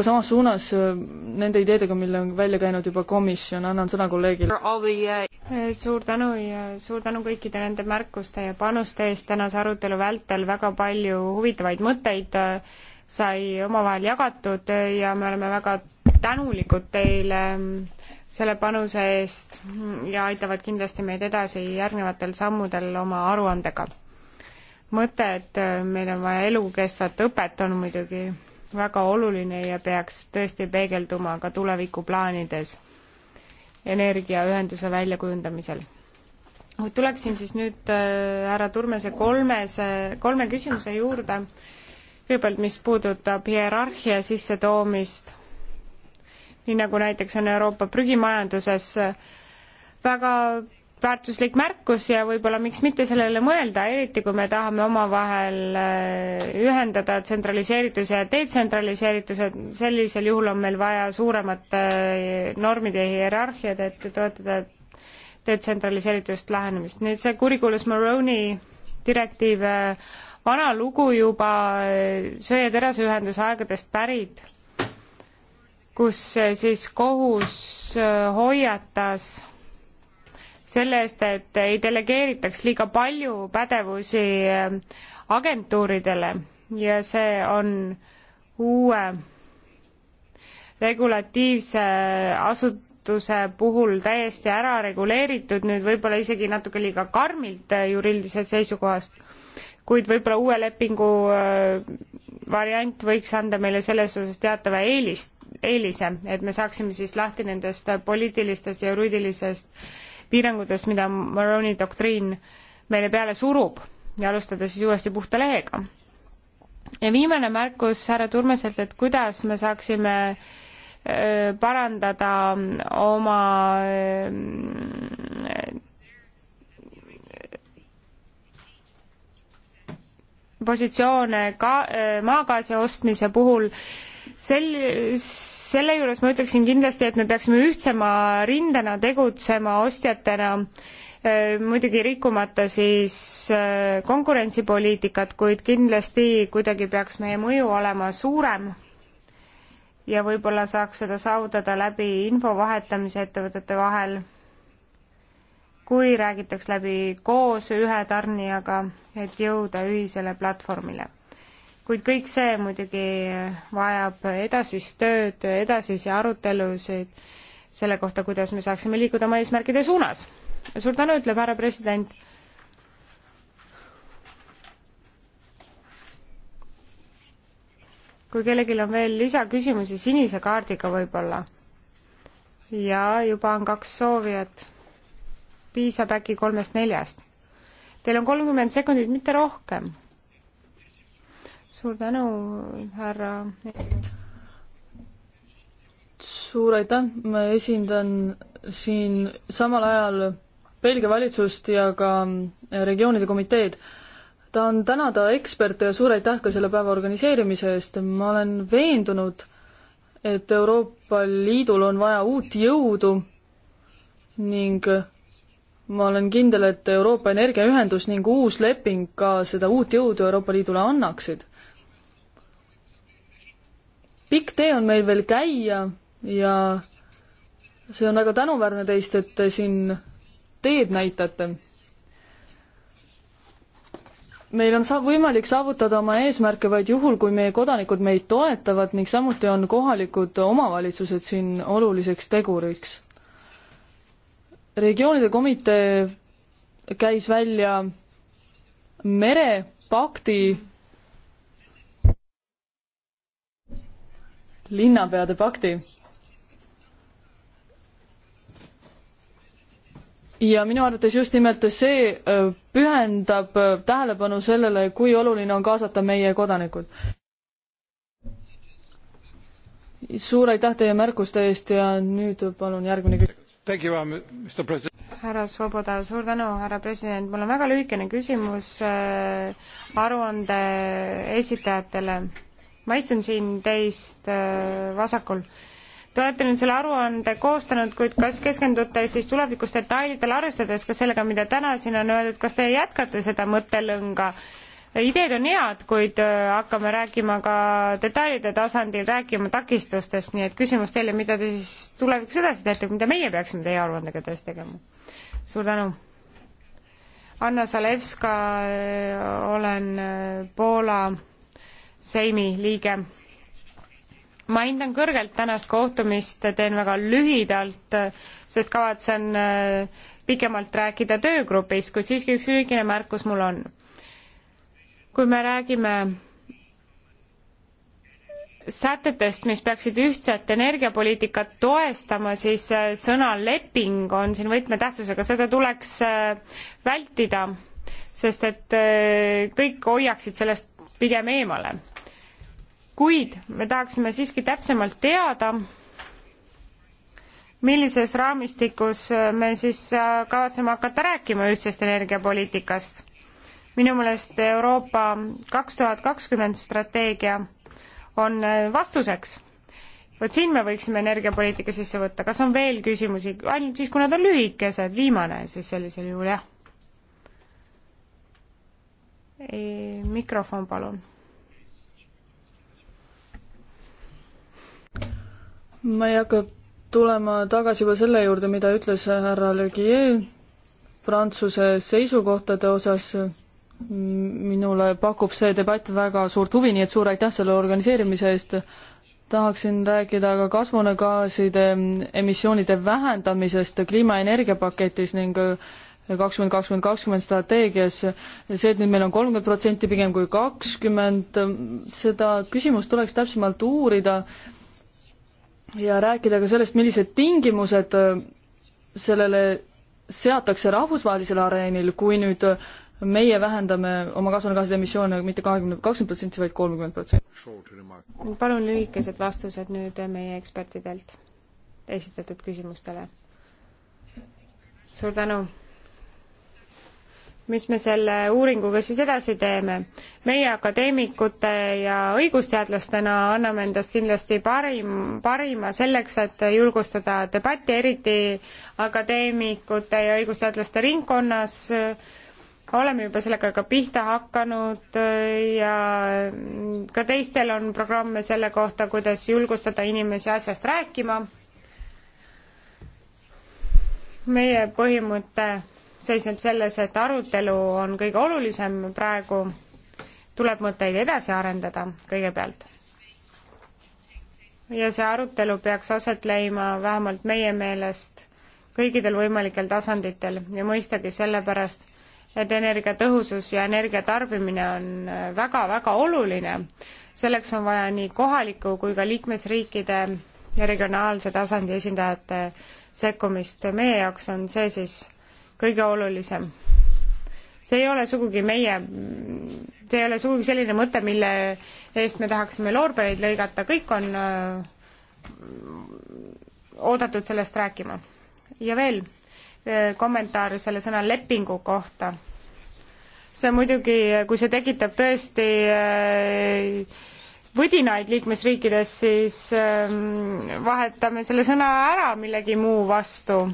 ka samas suunas äh, nende ideedega, mille on välja käinud juba komisjon, annan sõna kolleegile. suur tänu ja suur tänu kõikide nende märkuste ja panuste eest tänase arutelu vältel, väga palju huvitavaid mõtteid äh, sai omavahel jagatud ja me oleme väga tänulikud teile ähm, selle panuse eest ja aitavad kindlasti meid edasi järgnevatel sammudel oma aruandega. mõte, et äh, meil on vaja elukestvat õpet, on muidugi väga oluline ja peaks tõesti peegelduma ka tulevikuplaanides energiaühenduse väljakujundamisel. tuleksin siis nüüd äh, härra Turmese kolmese, kolme küsimuse juurde. kõigepealt, mis puudutab hierarhia sissetoomist, nii nagu näiteks on Euroopa prügimajanduses äh, väga väärtuslik märkus ja võib-olla miks mitte sellele mõelda, eriti kui me tahame omavahel äh, ühendada tsentraliseerituse ja detsentraliseerituse, sellisel juhul on meil vaja suuremat äh, normide hierarhiat, et toetada detsentraliseeritust lähenemist. nüüd see kurikuulus Moroni direktiiv, äh, vana lugu juba söe- ja teraseühenduse aegadest pärit, kus siis kohus hoiatas selle eest, et ei delegeeritaks liiga palju pädevusi ähm, agentuuridele ja see on uue regulatiivse asutuse puhul täiesti ära reguleeritud, nüüd võib-olla isegi natuke liiga karmilt äh, juriidiliselt seisukohast, kuid võib-olla uue lepingu äh, variant võiks anda meile selles osas teatava eelist, eelise, et me saaksime siis lahti nendest poliitilistest ja juriidilisest piirangutest, mida Maroni doktriin meile peale surub ja alustada siis uuesti puhta lehega. ja viimane märkus härra Turmeselt, et kuidas me saaksime parandada oma positsioone ka maagaasi ostmise puhul sel-, selle juures ma ütleksin kindlasti, et me peaksime ühtsema rindena tegutsema ostjatena, muidugi rikkumata siis konkurentsipoliitikat, kuid kindlasti kuidagi peaks meie mõju olema suurem ja võib-olla saaks seda saavutada läbi info vahetamise ettevõtete vahel, kui räägitaks läbi koos ühe tarnijaga, et jõuda ühisele platvormile kuid kõik see muidugi vajab edasist tööd, edasisi arutelusid selle kohta, kuidas me saaksime liikuda oma eesmärkide suunas. suur tänu, ütleb härra president. kui kellelgi on veel lisaküsimusi sinise kaardiga võib-olla ja juba on kaks soovijat, piisab äkki kolmest-neljast. Teil on kolmkümmend sekundit, mitte rohkem suur tänu, härra. suur aitäh, ma esindan siin samal ajal Belgia valitsust ja ka regioonide komiteed. tahan tänada eksperte ja suur aitäh ka selle päeva organiseerimise eest, ma olen veendunud, et Euroopa Liidul on vaja uut jõudu ning ma olen kindel, et Euroopa Energiaühendus ning uus leping ka seda uut jõudu Euroopa Liidule annaksid pikk tee on meil veel käia ja see on väga tänuväärne teist, et te siin teed näitate. meil on sa-, võimalik saavutada oma eesmärke vaid juhul, kui meie kodanikud meid toetavad ning samuti on kohalikud omavalitsused siin oluliseks teguriks. regioonide komitee käis välja merepakti linnapeade pakti. ja minu arvates just nimelt see äh, pühendab äh, tähelepanu sellele, kui oluline on kaasata meie kodanikud. suur aitäh teie märkuste eest ja nüüd palun järgmine küsimus um, härra Svoboda, suur tänu, härra president, mul on väga lühikene küsimus äh, aruande esitajatele ma istun siin teist äh, vasakul. Te olete nüüd selle aruande koostanud, kuid kas keskendute siis tulevikus detailidele, arvestades ka sellega, mida täna siin on öeldud, kas te jätkate seda mõttelõnga? ideed on head, kuid äh, hakkame rääkima ka detailide tasandil, rääkima takistustest, nii et küsimus teile, mida te siis tulevikus edasi teete, mida meie peaksime teie aruandega edasi tegema? suur tänu! Anna Zalewska, äh, olen Poola Seimi liige. ma hindan kõrgelt tänast kohtumist, teen väga lühidalt, sest kavatsen äh, pikemalt rääkida töögrupis, kuid siiski üks lühikene märkus mul on. kui me räägime sätetest, mis peaksid ühtset energiapoliitikat toestama, siis äh, sõna leping on siin võtmetähtsusega, seda tuleks äh, vältida, sest et kõik hoiaksid sellest pigem eemale kuid me tahaksime siiski täpsemalt teada, millises raamistikus me siis äh, kavatseme hakata rääkima ühtsest energiapoliitikast. minu meelest Euroopa kaks tuhat kakskümmend strateegia on äh, vastuseks. vot siin me võiksime energiapoliitika sisse võtta, kas on veel küsimusi, ainult siis, kui nad on lühikesed, viimane siis sellisel juhul, jah. mikrofon palun ma ei hakka tulema tagasi juba selle juurde, mida ütles härra Legier Prantsuse seisukohtade osas. minule pakub see debatt väga suurt huvi, nii et suur aitäh selle organiseerimise eest. tahaksin rääkida ka kasvuhoonegaaside emissioonide vähendamisest kliimaenergia paketis ning kakskümmend kakskümmend kakskümmend strateegias, see, et nüüd meil on kolmkümmend protsenti pigem kui kakskümmend, seda küsimust tuleks täpsemalt uurida ja rääkida ka sellest, millised tingimused äh, sellele seatakse rahvusvahelisel areenil, kui nüüd äh, meie vähendame oma kasvuhoonegaaside emissioone mitte kahekümne, kakskümmend protsenti, vaid kolmkümmend protsenti. palun lühikesed vastused nüüd äh, meie ekspertidelt esitatud küsimustele. suur tänu mis me selle uuringuga siis edasi teeme. meie akadeemikute ja õigusteadlastena anname endast kindlasti parim, parima selleks, et julgustada debatti, eriti akadeemikute ja õigusteadlaste ringkonnas. oleme juba sellega ka pihta hakanud ja ka teistel on programme selle kohta, kuidas julgustada inimesi asjast rääkima. meie põhimõte seisneb selles, et arutelu on kõige olulisem praegu, tuleb mõtteid edasi arendada kõigepealt. ja see arutelu peaks aset leima vähemalt meie meelest kõikidel võimalikel tasanditel ja mõistagi sellepärast, et energiatõhusus ja energia tarbimine on väga-väga oluline. selleks on vaja nii kohaliku kui ka liikmesriikide ja regionaalse tasandi esindajate sekkumist. meie jaoks on see siis kõige olulisem. see ei ole sugugi meie, see ei ole sugugi selline mõte, mille eest me tahaksime loorbereid lõigata, kõik on äh, oodatud sellest rääkima. ja veel äh, kommentaar selle sõna lepingu kohta. see muidugi, kui see tekitab tõesti äh, võdinaid liikmesriikides, siis ähm, vahetame selle sõna ära millegi muu vastu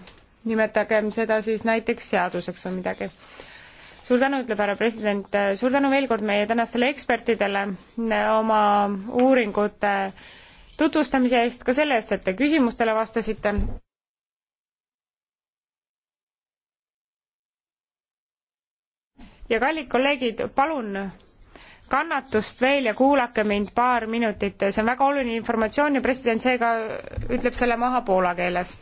nimetagem seda siis näiteks seaduseks või midagi. suur tänu, ütleb härra president, suur tänu veel kord meie tänastele ekspertidele oma uuringute tutvustamise eest, ka selle eest, et te küsimustele vastasite. ja kallid kolleegid, palun kannatust veel ja kuulake mind paar minutit, see on väga oluline informatsioon ja president seega ütleb selle maha poola keeles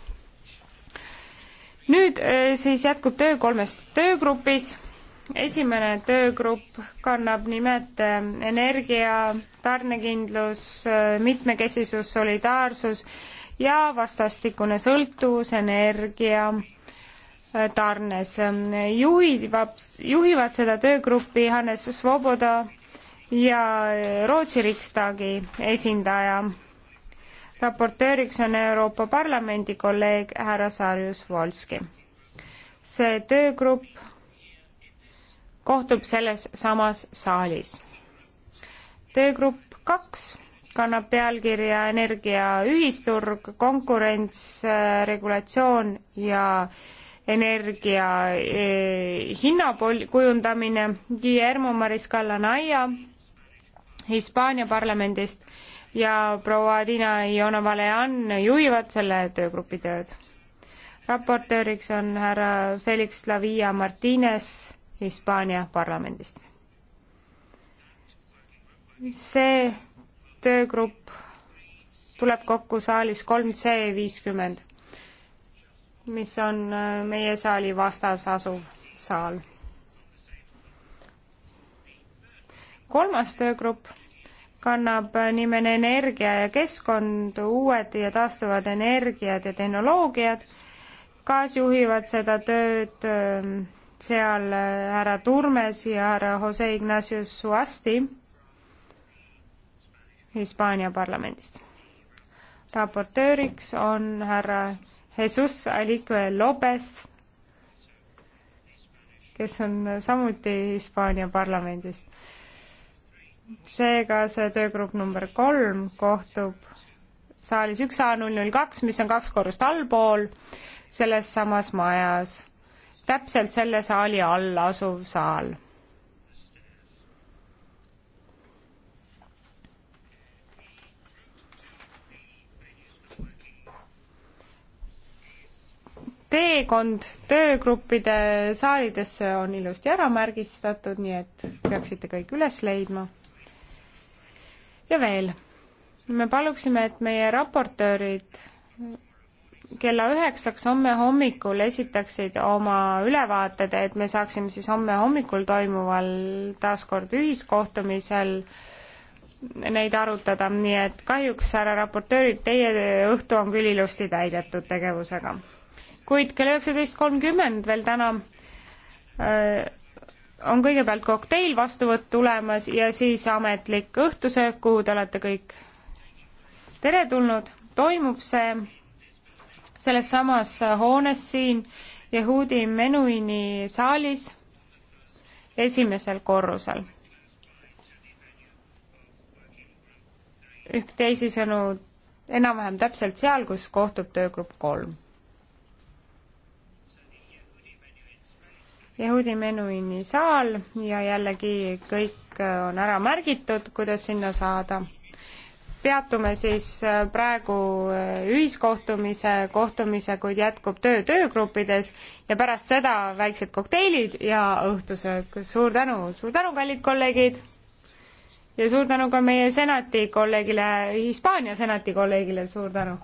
nüüd eh, siis jätkub töö kolmes töögrupis. esimene töögrupp kannab nimet eh, energia, tarnekindlus, eh, mitmekesisus, solidaarsus ja vastastikune sõltuvus energia tarnes. juhivab, juhivad seda töögruppi Hannes Svoboda ja Rootsi Riksdagi esindaja raportööriks on Euroopa Parlamendi kolleeg härra Sarjus Volski. see töögrupp kohtub selles samas saalis. töögrupp kaks kannab pealkirja Energiaühisturg, konkurents, regulatsioon ja energia eh, hinna kujundamine Guillermo Mariscala Naia Hispaania parlamendist ja proua Tiina Iona-Valean juhivad selle töögrupi tööd. raportööriks on härra Felix Lavia Martines Hispaania parlamendist. see töögrupp tuleb kokku saalis kolm C viiskümmend, mis on äh, meie saali vastas asuv saal. kolmas töögrupp kannab nimene Energia ja keskkond, uued ja taastuvad energiad ja tehnoloogiad. kaasjuhivad seda tööd ähm, seal äh, härra Turmes ja härra Jose Ignacio Suasti Hispaania parlamendist. raportööriks on härra Jesus Alique Lopez, kes on samuti Hispaania parlamendist seega see töögrupp number kolm kohtub saalis üks A null null kaks, mis on kaks korrust allpool, selles samas majas, täpselt selle saali all asuv saal. teekond töögruppide saalidesse on ilusti ära märgistatud, nii et peaksite kõik üles leidma ja veel, me paluksime, et meie raportöörid kella üheksaks homme hommikul esitaksid oma ülevaated, et me saaksime siis homme hommikul toimuval taaskord ühiskohtumisel neid arutada, nii et kahjuks, härra raportöörid, teie õhtu on küll ilusti täidetud tegevusega. kuid kell üheksateist kolmkümmend veel täna äh, on kõigepealt kokteil vastuvõtt tulemas ja siis ametlik õhtusöök, kuhu te olete kõik teretulnud. toimub see selles samas hoones siin Yehudi Menuini saalis esimesel korrusel. ehk teisisõnu enam-vähem täpselt seal, kus kohtub töögrupp kolm Yehudi menuini saal ja jällegi kõik on ära märgitud, kuidas sinna saada. peatume siis äh, praegu äh, ühiskohtumise, kohtumise, kuid jätkub töö töögruppides ja pärast seda väiksed kokteilid ja õhtusöök. suur tänu, suur tänu, kallid kolleegid! ja suur tänu ka meie senati kolleegile, Hispaania senati kolleegile, suur tänu!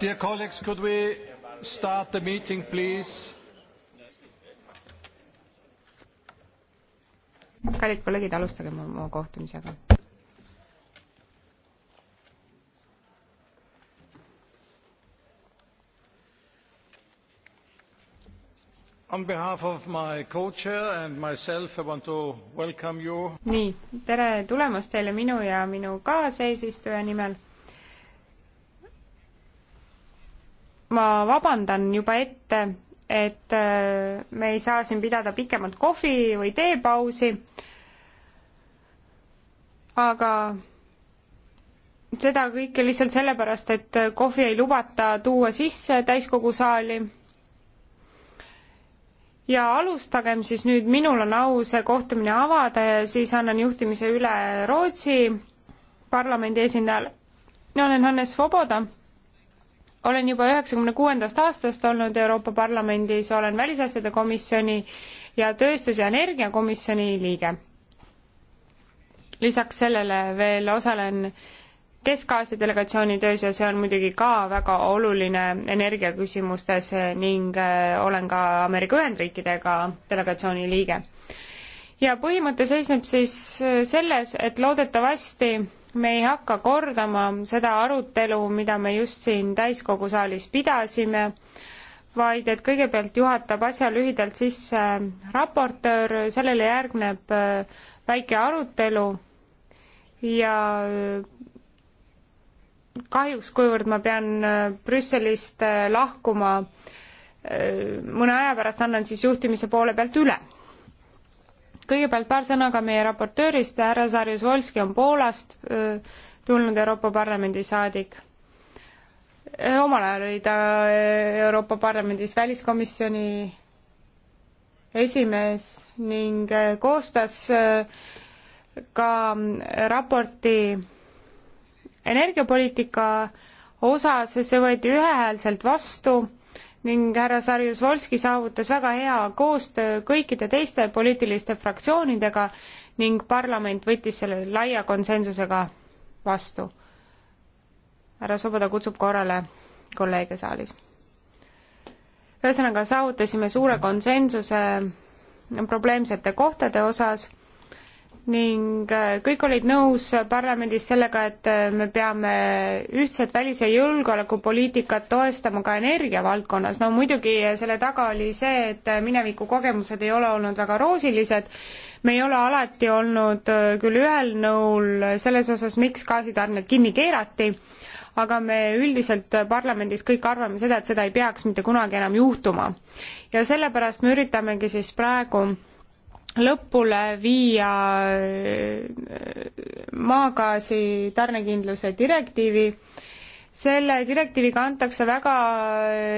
Dear colleagues, could we start the meeting, please? kallid kolleegid, alustage mu, mu kohtumisega. On behalf of my co-chair and myself, I want to welcome you. nii, tere tulemast teile minu ja minu kaaseesistuja nimel ma vabandan juba ette, et äh, me ei saa siin pidada pikemalt kohvi- või teepausi, aga seda kõike lihtsalt sellepärast, et kohvi ei lubata tuua sisse täiskogu saali. ja alustagem siis nüüd, minul on au see kohtumine avada ja siis annan juhtimise üle Rootsi parlamendi esindajale. olen Hannes Voboda olen juba üheksakümne kuuendast aastast olnud Euroopa Parlamendis, olen välisasjade komisjoni ja tööstus- ja energiakomisjoni liige. lisaks sellele veel osalen Kesk-Aasia delegatsiooni töös ja see on muidugi ka väga oluline energiaküsimustes ning äh, olen ka Ameerika Ühendriikidega delegatsiooni liige. ja põhimõte seisneb siis äh, selles, et loodetavasti me ei hakka kordama seda arutelu, mida me just siin täiskogu saalis pidasime, vaid et kõigepealt juhatab asja lühidalt sisse raportöör, sellele järgneb äh, väike arutelu ja äh, kahjuks, kuivõrd ma pean äh, Brüsselist lahkuma, mõne aja pärast annan siis juhtimise poole pealt üle kõigepealt paar sõna ka meie raportöörist, härra Sarjus Volski on Poolast tulnud Euroopa Parlamendi saadik. omal ajal oli ta Euroopa Parlamendis väliskomisjoni esimees ning koostas ka raporti energiapoliitika osas, see võeti ühehäälselt vastu ning härra Sarjus Volski saavutas väga hea koostöö kõikide teiste poliitiliste fraktsioonidega ning parlament võttis selle laia konsensusega vastu. härra Soboda kutsub korrale kolleege saalis. ühesõnaga, saavutasime suure konsensuse probleemsete kohtade osas ning äh, kõik olid nõus parlamendis sellega, et äh, me peame ühtset välis- ja julgeolekupoliitikat toestama ka energiavaldkonnas. no muidugi äh, selle taga oli see, et mineviku kogemused ei ole olnud väga roosilised, me ei ole alati olnud küll ühel nõul selles osas, miks gaasitarned kinni keerati, aga me üldiselt parlamendis kõik arvame seda, et seda ei peaks mitte kunagi enam juhtuma. ja sellepärast me üritamegi siis praegu lõpule viia äh, maagaasi tarnekindluse direktiivi. selle direktiiviga antakse väga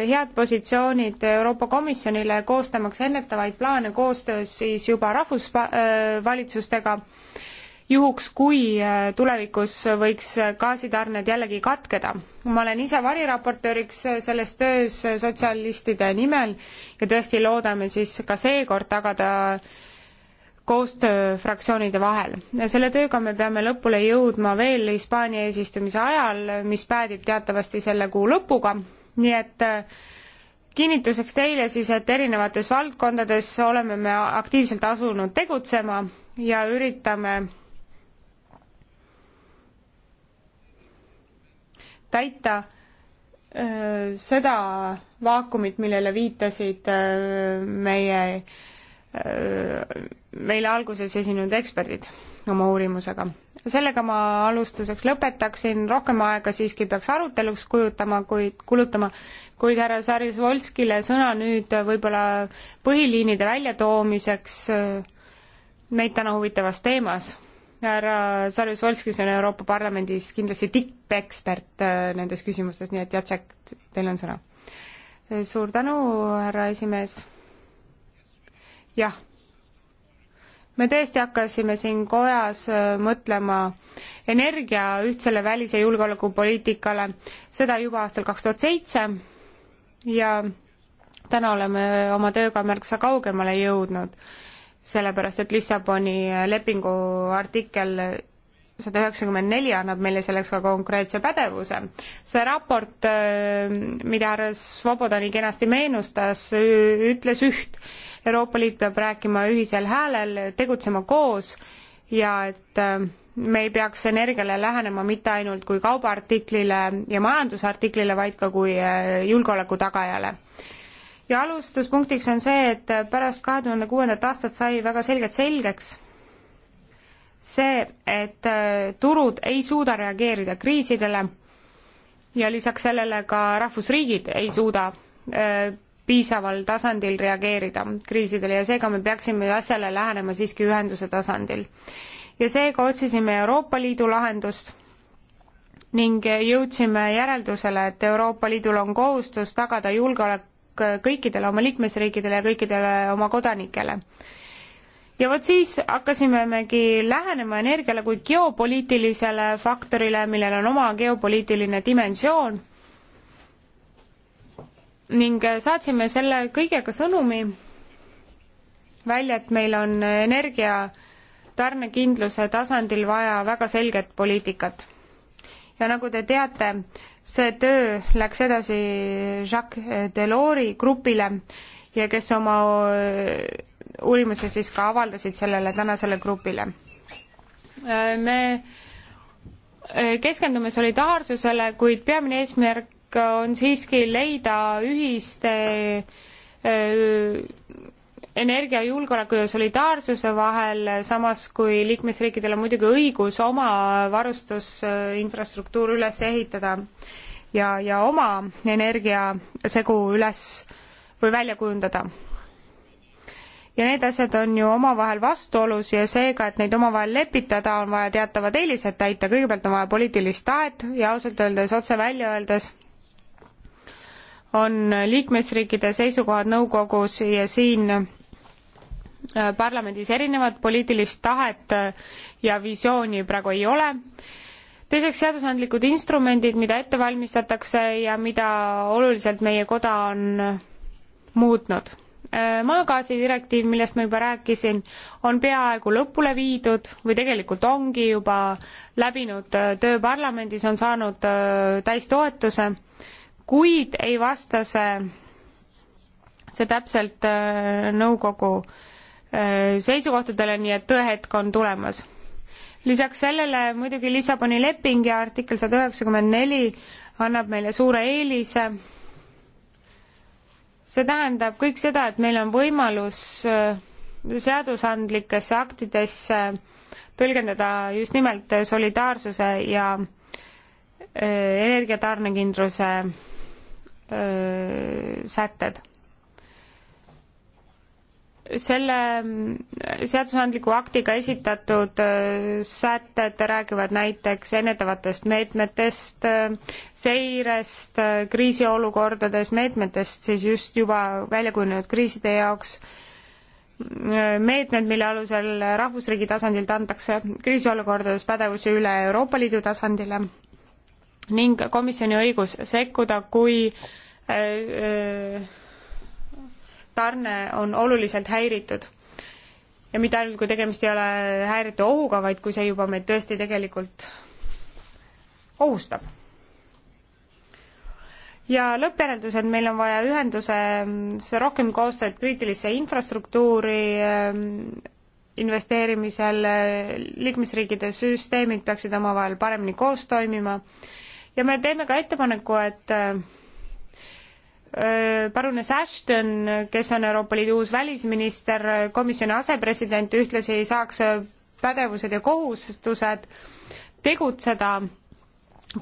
head positsioonid Euroopa Komisjonile, koostamaks ennetavaid plaane koostöös siis juba rahvusvalitsustega, äh, juhuks kui äh, tulevikus võiks gaasitarned jällegi katkeda. ma olen ise variraportööriks selles töös sotsialistide nimel ja tõesti loodame siis ka seekord tagada äh, koostöö fraktsioonide vahel. selle tööga me peame lõpule jõudma veel Hispaania eesistumise ajal, mis päädib teatavasti selle kuu lõpuga, nii et äh, kinnituseks teile siis, et erinevates valdkondades oleme me aktiivselt asunud tegutsema ja üritame täita öö, äh, seda vaakumit, millele viitasid öö, äh, meie öö, meile alguses esinenud eksperdid oma uurimusega. sellega ma alustuseks lõpetaksin, rohkem aega siiski peaks aruteluks kujutama, kuid, kulutama, kuid härra Sarjus Volskile sõna nüüd võib-olla põhiliinide väljatoomiseks meid täna huvitavas teemas. härra Sarjus Volskis on Euroopa Parlamendis kindlasti tippekspert äh, nendes küsimustes, nii et Jacek, teil on sõna. suur tänu, härra esimees. jah me tõesti hakkasime siin kojas äh, mõtlema energia ühtsele välis- ja julgeolekupoliitikale, seda juba aastal kaks tuhat seitse ja täna oleme oma tööga märksa kaugemale jõudnud, sellepärast et Lissaboni lepingu artikkel sada üheksakümmend neli annab meile selleks ka konkreetse pädevuse. see raport, äh, mida härra Svoboda nii kenasti meenustas, ütles üht, Euroopa Liit peab rääkima ühisel häälel, tegutsema koos ja et äh, me ei peaks energiale lähenema mitte ainult kui kaubaartiklile ja majandusartiklile, vaid ka kui äh, julgeoleku tagajale ja alustuspunktiks on see, et pärast kahe tuhande kuuendat aastat sai väga selgelt selgeks, see, et äh, turud ei suuda reageerida kriisidele ja lisaks sellele ka rahvusriigid ei suuda äh, piisaval tasandil reageerida kriisidele ja seega me peaksime asjale lähenema siiski ühenduse tasandil. ja seega otsisime Euroopa Liidu lahendust ning jõudsime järeldusele, et Euroopa Liidul on kohustus tagada julgeolek kõikidele oma liikmesriikidele ja kõikidele oma kodanikele ja vot siis hakkasimegi lähenema energiale kui geopoliitilisele faktorile, millel on oma geopoliitiline dimensioon. ning saatsime selle kõigega sõnumi välja, et meil on energia tarnekindluse tasandil vaja väga selget poliitikat. ja nagu te teate, see töö läks edasi Jacques Delors'i grupile ja kes oma uurimuse siis ka avaldasid sellele tänasele grupile. me keskendume solidaarsusele, kuid peamine eesmärk on siiski leida ühiste äh, energiajulgeoleku ja solidaarsuse vahel, samas kui liikmesriikidel on muidugi õigus oma varustusinfrastruktuur üles ehitada ja, ja oma energiasegu üles või välja kujundada ja need asjad on ju omavahel vastuolus ja seega, et neid omavahel lepitada, on vaja teatavad eelised täita, kõigepealt on vaja poliitilist tahet ja ausalt öeldes, otse välja öeldes, on liikmesriikide seisukohad nõukogus ja siin äh, parlamendis erinevat poliitilist tahet äh, ja visiooni praegu ei ole teiseks seadusandlikud instrumendid, mida ette valmistatakse ja mida oluliselt meie koda on äh, muutnud. Äh, maagaasi direktiiv, millest ma juba rääkisin, on peaaegu lõpule viidud või tegelikult ongi juba läbinud äh, töö parlamendis, on saanud äh, täistoetuse, kuid ei vasta see, see täpselt nõukogu seisukohtadele, nii et tõehetk on tulemas lisaks sellele muidugi Lissaboni leping ja artikkel sada üheksakümmend neli annab meile suure eelise see tähendab kõik seda, et meil on võimalus äh, seadusandlikesse aktidesse tõlgendada just nimelt äh, solidaarsuse ja äh, energiatarnekindluse sätted selle seadusandliku aktiga esitatud äh, sätted räägivad näiteks ennetavatest meetmetest, äh, seirest, äh, kriisiolukordades, meetmetest siis just juba välja kujunenud kriiside jaoks, meetmed, mille alusel rahvusriigi tasandilt antakse kriisiolukordades pädevusi üle Euroopa Liidu tasandile ning komisjoni õigus sekkuda, kui äh, äh, tarne on oluliselt häiritud. ja mitte ainult, kui tegemist ei ole häiritu ohuga, vaid kui see juba meid tõesti tegelikult ohustab. ja lõppjäreldused, meil on vaja ühenduses rohkem koostööd kriitilisse infrastruktuuri ehm, investeerimisel, liikmesriikide süsteemid peaksid omavahel paremini koos toimima ja me teeme ka ettepaneku, et ehm, Äh, parunes Ashton, kes on Euroopa Liidu uus välisminister, komisjoni asepresident, ühtlasi saaks pädevused ja kohustused tegutseda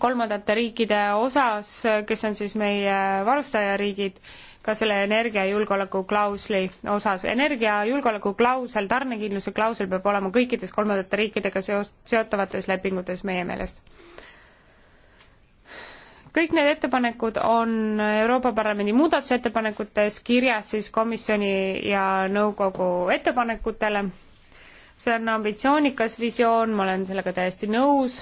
kolmandate riikide osas, kes on siis meie varustajariigid, ka selle energiajulgeoleku klausli osas. energiajulgeoleku klausel, tarnekindluse klausel peab olema kõikides kolmandate riikidega seos, seotavates lepingutes meie meelest kõik need ettepanekud on Euroopa Parlamendi muudatusettepanekutes kirjas siis komisjoni ja nõukogu ettepanekutele. see on ambitsioonikas visioon, ma olen sellega täiesti nõus,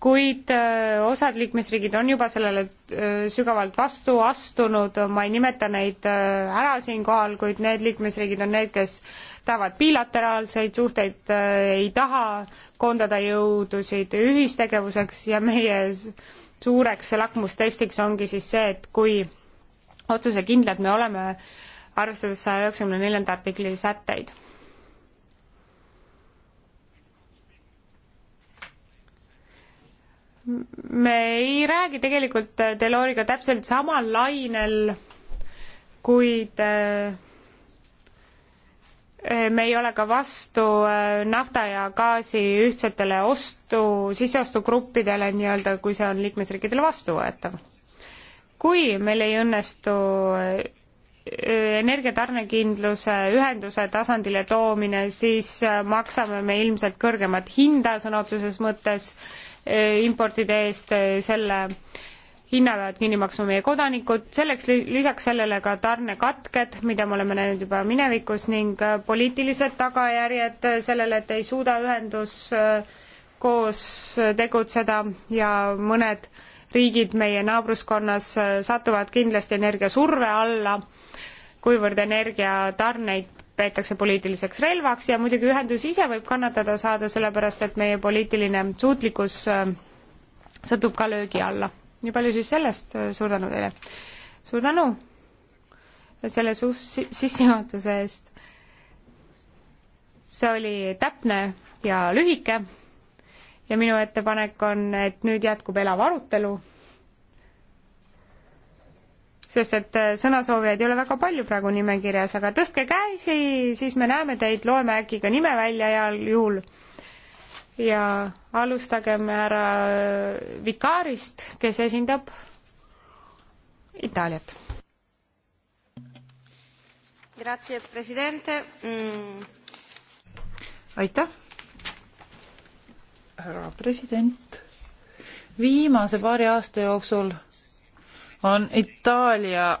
kuid äh, osad liikmesriigid on juba sellele äh, sügavalt vastu astunud, ma ei nimeta neid äh, ära siinkohal, kuid need liikmesriigid on need, kes tahavad bilateraalseid suhteid, ei taha koondada jõudusid ühistegevuseks ja meie suureks lakmustestiks ongi siis see, et kui otsusekindlad me oleme, arvestades saja üheksakümne neljanda artikli sätteid. me ei räägi tegelikult Deloriga täpselt samal lainel, kuid äh, Äh, me ei ole ka vastu äh, nafta ja gaasi ühtsetele ostu, sisseostugruppidele nii-öelda, kui see on liikmesriikidele vastuvõetav. kui meil ei õnnestu äh, energiatarnekindluse ühenduse tasandile toomine, siis maksame me ilmselt kõrgemat hinda sõna otseses mõttes impordide eest selle äh, hinna peavad kinni maksma meie kodanikud, selleks lisaks sellele ka tarnekatked, mida me oleme näinud juba minevikus ning äh, poliitilised tagajärjed äh, sellele, et ei suuda ühendus äh, koos tegutseda ja mõned riigid meie naabruskonnas satuvad kindlasti energiasurve alla, kuivõrd energiatarneid peetakse poliitiliseks relvaks ja muidugi ühendus ise võib kannatada saada, sellepärast et meie poliitiline suutlikkus satub ka löögi alla nii palju siis sellest, äh, suur tänu teile! suur tänu selle sus-, sissejuhatuse eest! see oli täpne ja lühike ja minu ettepanek on, et nüüd jätkub elav arutelu, sest et äh, sõnasoovijaid ei ole väga palju praegu nimekirjas, aga tõstke käsi, siis me näeme teid, loeme äkki ka nime välja heal juhul ja alustagem härra äh, Vikarist, kes esindab Itaaliat. Mm. aitäh, härra president. viimase paari aasta jooksul on Itaalia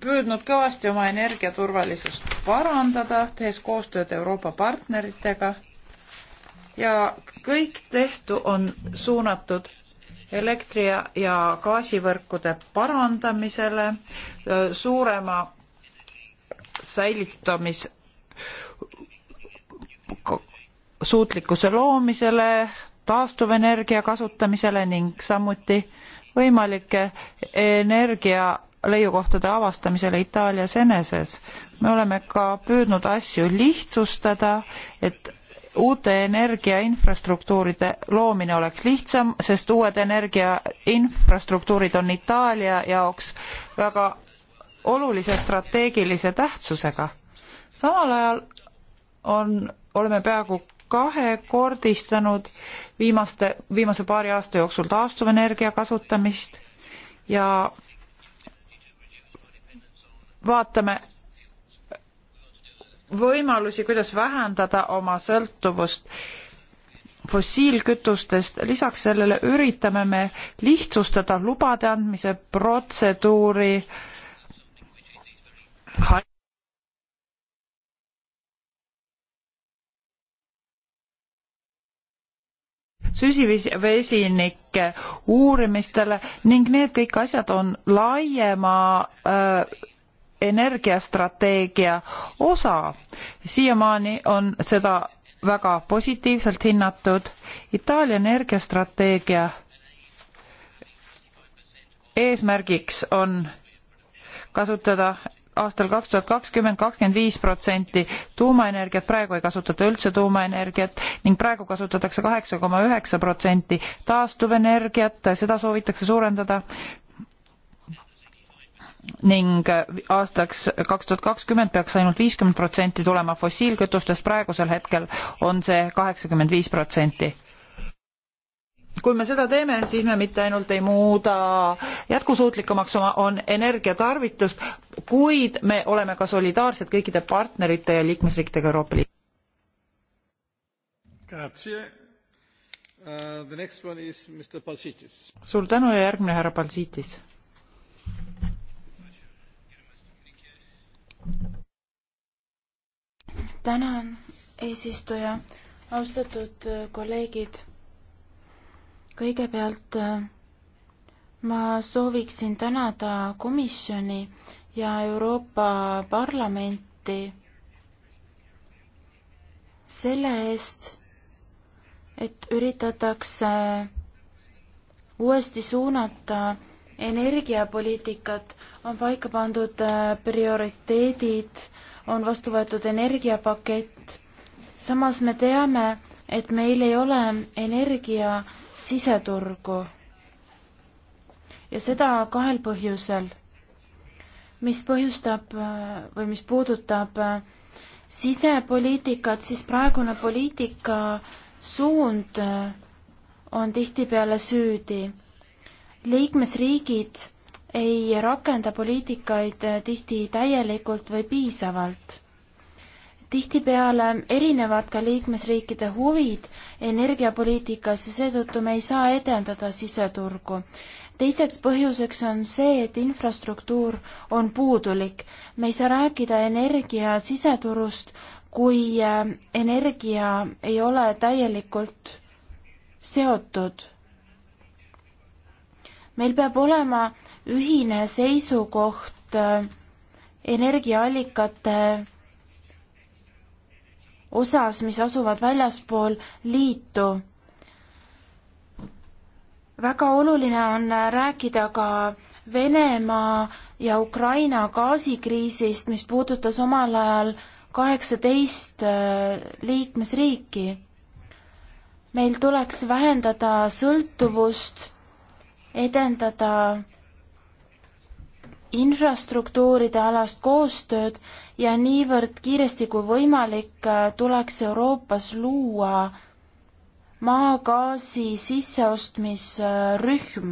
püüdnud kõvasti oma energiaturvalisust parandada, tehes koostööd Euroopa partneritega ja kõik tehtu on suunatud elektri- ja gaasivõrkude parandamisele, suurema säilitamis suutlikkuse loomisele, taastuvenergia kasutamisele ning samuti võimalike energia leiukohtade avastamisele Itaalias eneses. me oleme ka püüdnud asju lihtsustada, et uute energiainfrastruktuuride loomine oleks lihtsam, sest uued energiainfrastruktuurid on Itaalia jaoks väga olulise strateegilise tähtsusega. samal ajal on, oleme peaaegu kahekordistanud viimaste, viimase paari aasta jooksul taastuvenergia kasutamist ja vaatame võimalusi, kuidas vähendada oma sõltuvust fossiilkütustest. lisaks sellele üritame me lihtsustada lubade andmise protseduuri süsivesinike uurimistele ning need kõik asjad on laiema äh, energiastrateegia osa. siiamaani on seda väga positiivselt hinnatud. Itaalia energiastrateegia eesmärgiks on kasutada aastal kaks tuhat kakskümmend kakskümmend viis protsenti tuumaenergiat, praegu ei kasutata üldse tuumaenergiat ning praegu kasutatakse kaheksa koma üheksa protsenti taastuvenergiat, seda soovitakse suurendada ning aastaks kaks tuhat kakskümmend peaks ainult viiskümmend protsenti tulema fossiilkütustest, praegusel hetkel on see kaheksakümmend viis protsenti. kui me seda teeme, siis me mitte ainult ei muuda jätkusuutlikumaks oma, on energiatarvitust, kuid me oleme ka solidaarsed kõikide partnerite ja liikmesriikidega Euroopa Liidus. Uh, suur tänu ja järgmine härra Palsiitis tänan, eesistuja. austatud äh, kolleegid. kõigepealt äh, ma sooviksin tänada komisjoni ja Euroopa Parlamenti selle eest, et üritatakse uuesti suunata energiapoliitikat on paika pandud äh, prioriteedid, on vastu võetud energiapakett. samas me teame, et meil ei ole energia siseturgu. ja seda kahel põhjusel. mis põhjustab äh, või mis puudutab äh, sisepoliitikat, siis praegune poliitika suund on tihtipeale süüdi. liikmesriigid ei rakenda poliitikaid tihti täielikult või piisavalt. tihtipeale erinevad ka liikmesriikide huvid energiapoliitikas ja seetõttu me ei saa edendada siseturgu. teiseks põhjuseks on see, et infrastruktuur on puudulik. me ei saa rääkida energia siseturust, kui äh, energia ei ole täielikult seotud meil peab olema ühine seisukoht äh, energiaallikate osas, mis asuvad väljaspool liitu. väga oluline on rääkida ka Venemaa ja Ukraina gaasikriisist, mis puudutas omal ajal kaheksateist äh, liikmesriiki. meil tuleks vähendada sõltuvust edendada infrastruktuuride alast koostööd ja niivõrd kiiresti kui võimalik äh, tuleks Euroopas luua maagaasi sisseostmisrühm.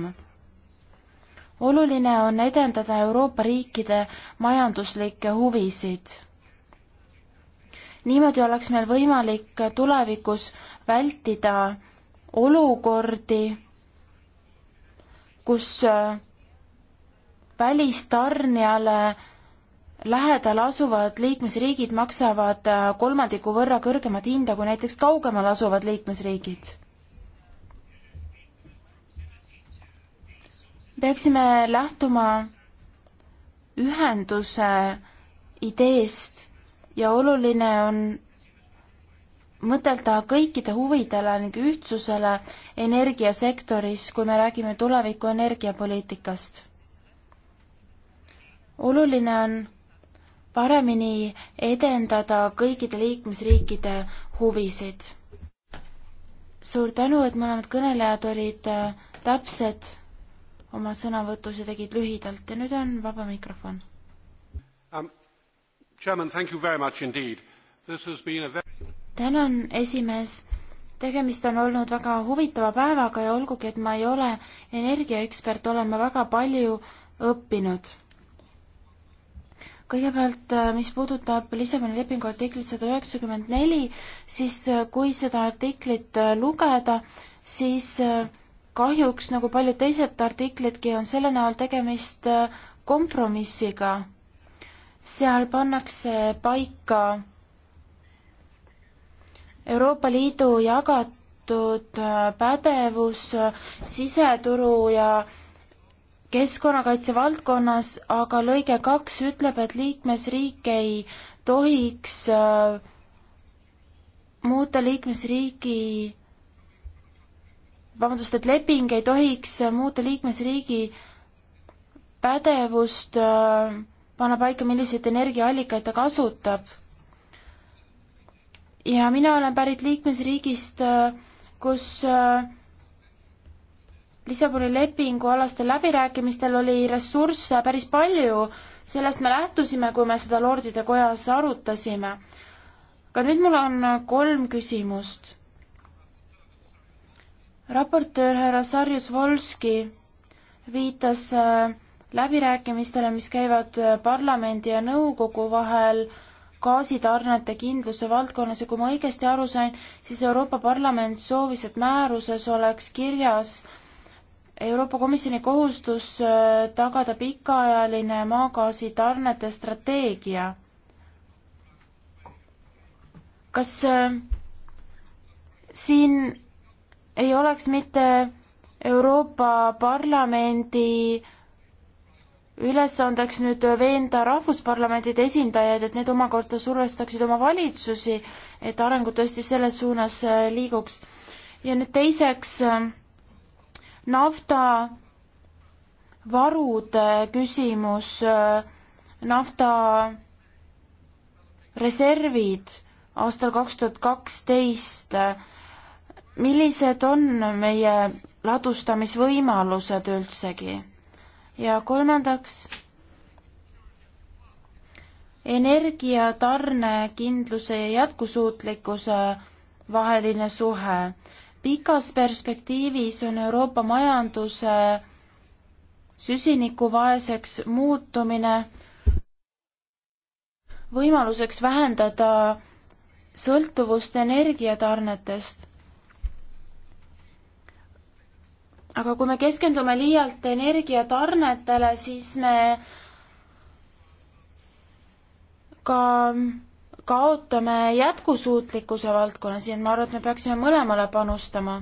oluline on edendada Euroopa riikide majanduslikke huvisid. niimoodi oleks meil võimalik tulevikus vältida olukordi, kus äh, välistarnijale lähedal asuvad liikmesriigid maksavad äh, kolmandiku võrra kõrgemat hinda kui näiteks kaugemal asuvad liikmesriigid. peaksime lähtuma ühenduse ideest ja oluline on mõtelda kõikide huvidele ning ühtsusele energiasektoris, kui me räägime tuleviku energiapoliitikast. oluline on paremini edendada kõikide liikmesriikide huvisid. suur tänu, et mõlemad kõnelejad olid äh, täpsed oma sõnavõtus ja tegid lühidalt ja nüüd on vaba mikrofon um,. Chairman, thank you very much indeed. This has been a very tänan, esimees. tegemist on olnud väga huvitava päevaga ja olgugi, et ma ei ole energiaekspert, olen ma väga palju õppinud. kõigepealt, äh, mis puudutab Lissaboni lepingu artiklit sada üheksakümmend neli, siis äh, kui seda artiklit äh, lugeda, siis kahjuks nagu paljud teised artiklidki on selle näol tegemist kompromissiga. seal pannakse paika Euroopa Liidu jagatud äh, pädevus äh, siseturu ja keskkonnakaitse valdkonnas, aga lõige kaks ütleb, et liikmesriik ei tohiks äh, muuta liikmesriigi, vabandust, et leping ei tohiks muuta liikmesriigi pädevust panna paika, milliseid energiaallikaid ta kasutab ja mina olen pärit liikmesriigist, äh, kus äh, Lissaboni lepingu alastel läbirääkimistel oli ressursse päris palju, sellest me lähtusime, kui me seda Lordide Kojas arutasime. aga nüüd mul on äh, kolm küsimust. raportöör härra Sarjus Volski viitas läbirääkimistele, mis käivad parlamendi ja nõukogu vahel äh, gaasitarnete kindluse valdkonnas ja kui ma õigesti aru sain, siis Euroopa Parlament soovis, et määruses oleks kirjas Euroopa Komisjoni kohustus äh, tagada pikaajaline maagaasi tarnete strateegia. kas äh, siin ei oleks mitte Euroopa Parlamendi äh, ülesandeks nüüd veenda rahvusparlamendide esindajaid, et need omakorda survestaksid oma valitsusi, et arengud tõesti selles suunas äh, liiguks. ja nüüd teiseks äh, nafta varude küsimus, äh, nafta reservid aastal kaks tuhat kaksteist. millised on meie ladustamisvõimalused üldsegi? ja kolmandaks, energiatarnekindluse ja jätkusuutlikkuse vaheline suhe. pikas perspektiivis on Euroopa majanduse süsinikuvaeseks muutumine võimaluseks vähendada sõltuvust energiatarnetest. aga kui me keskendume liialt energiatarnetele, siis me ka kaotame jätkusuutlikkuse valdkonnas, nii et ma arvan, et me peaksime mõlemale panustama.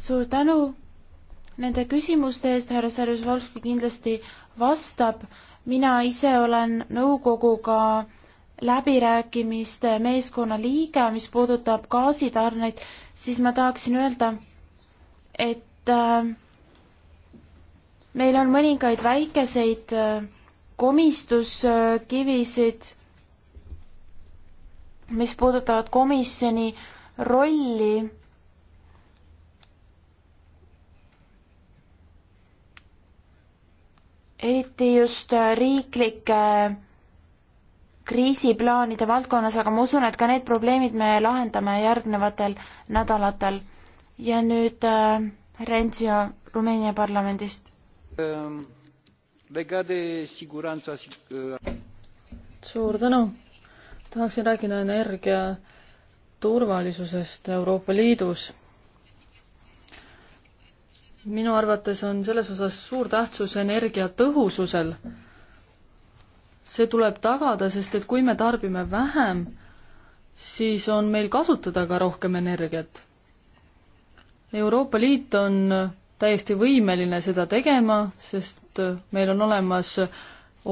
suur tänu nende küsimuste eest, härra Sarjus Volski kindlasti vastab. mina ise olen nõukoguga läbirääkimiste meeskonna liige, mis puudutab gaasitarneid, siis ma tahaksin öelda, et Äh, meil on mõningaid väikeseid äh, komistuskivisid, mis puudutavad komisjoni rolli. eriti just äh, riiklike kriisiplaanide valdkonnas, aga ma usun, et ka need probleemid me lahendame järgnevatel nädalatel. ja nüüd äh, Renția, Rumânia Parlamentist. Ehm, legat de siguranța... Eh, suur tänu! Tahaksin rääkida energia turvalisusest Euroopa Liidus. minu arvates on selles osas suur tähtsus energiatõhususel. see tuleb tagada, sest et kui me tarbime vähem, siis on meil kasutada ka rohkem energiat Euroopa Liit on täiesti võimeline seda tegema, sest meil on olemas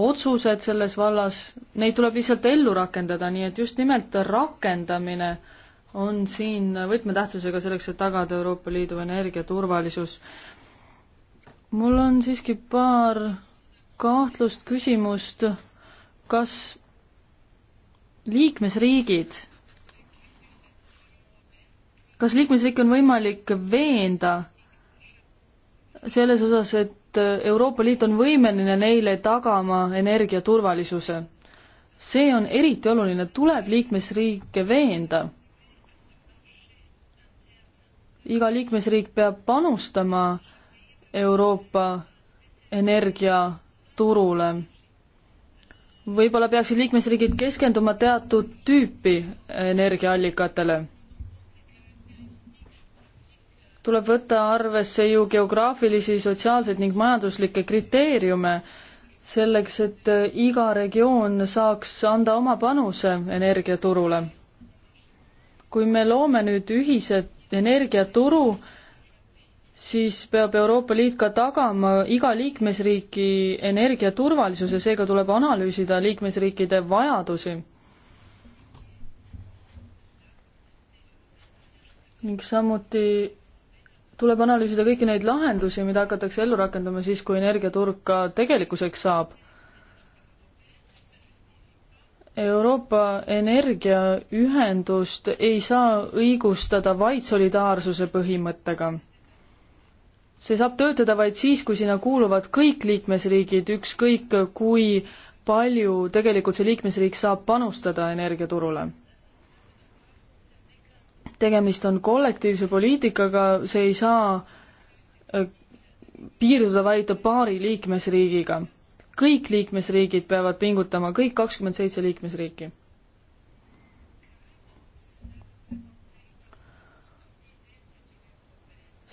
otsused selles vallas, neid tuleb lihtsalt ellu rakendada, nii et just nimelt rakendamine on siin võtmetähtsusega selleks, et tagada Euroopa Liidu energiaturvalisus. mul on siiski paar kahtlust, küsimust, kas liikmesriigid kas liikmesriike on võimalik veenda selles osas, et Euroopa Liit on võimeline neile tagama energiaturvalisuse? see on eriti oluline, tuleb liikmesriike veenda. iga liikmesriik peab panustama Euroopa energiaturule võib-olla peaksid liikmesriigid keskenduma teatud tüüpi energiaallikatele tuleb võtta arvesse ju geograafilisi, sotsiaalseid ning majanduslikke kriteeriume selleks, et äh, iga regioon saaks anda oma panuse energiaturule. kui me loome nüüd ühise energiaturu, siis peab Euroopa Liit ka tagama iga liikmesriiki energiaturvalisuse, seega tuleb analüüsida liikmesriikide vajadusi. ning samuti tuleb analüüsida kõiki neid lahendusi, mida hakatakse ellu rakendama siis, kui energiaturg ka tegelikkuseks saab. Euroopa energiaühendust ei saa õigustada vaid solidaarsuse põhimõttega. see saab töötada vaid siis, kui sinna kuuluvad kõik liikmesriigid, ükskõik kui palju tegelikult see liikmesriik saab panustada energiaturule tegemist on kollektiivse poliitikaga, see ei saa äh, piirduda vaid paari liikmesriigiga. kõik liikmesriigid peavad pingutama, kõik kakskümmend seitse liikmesriiki.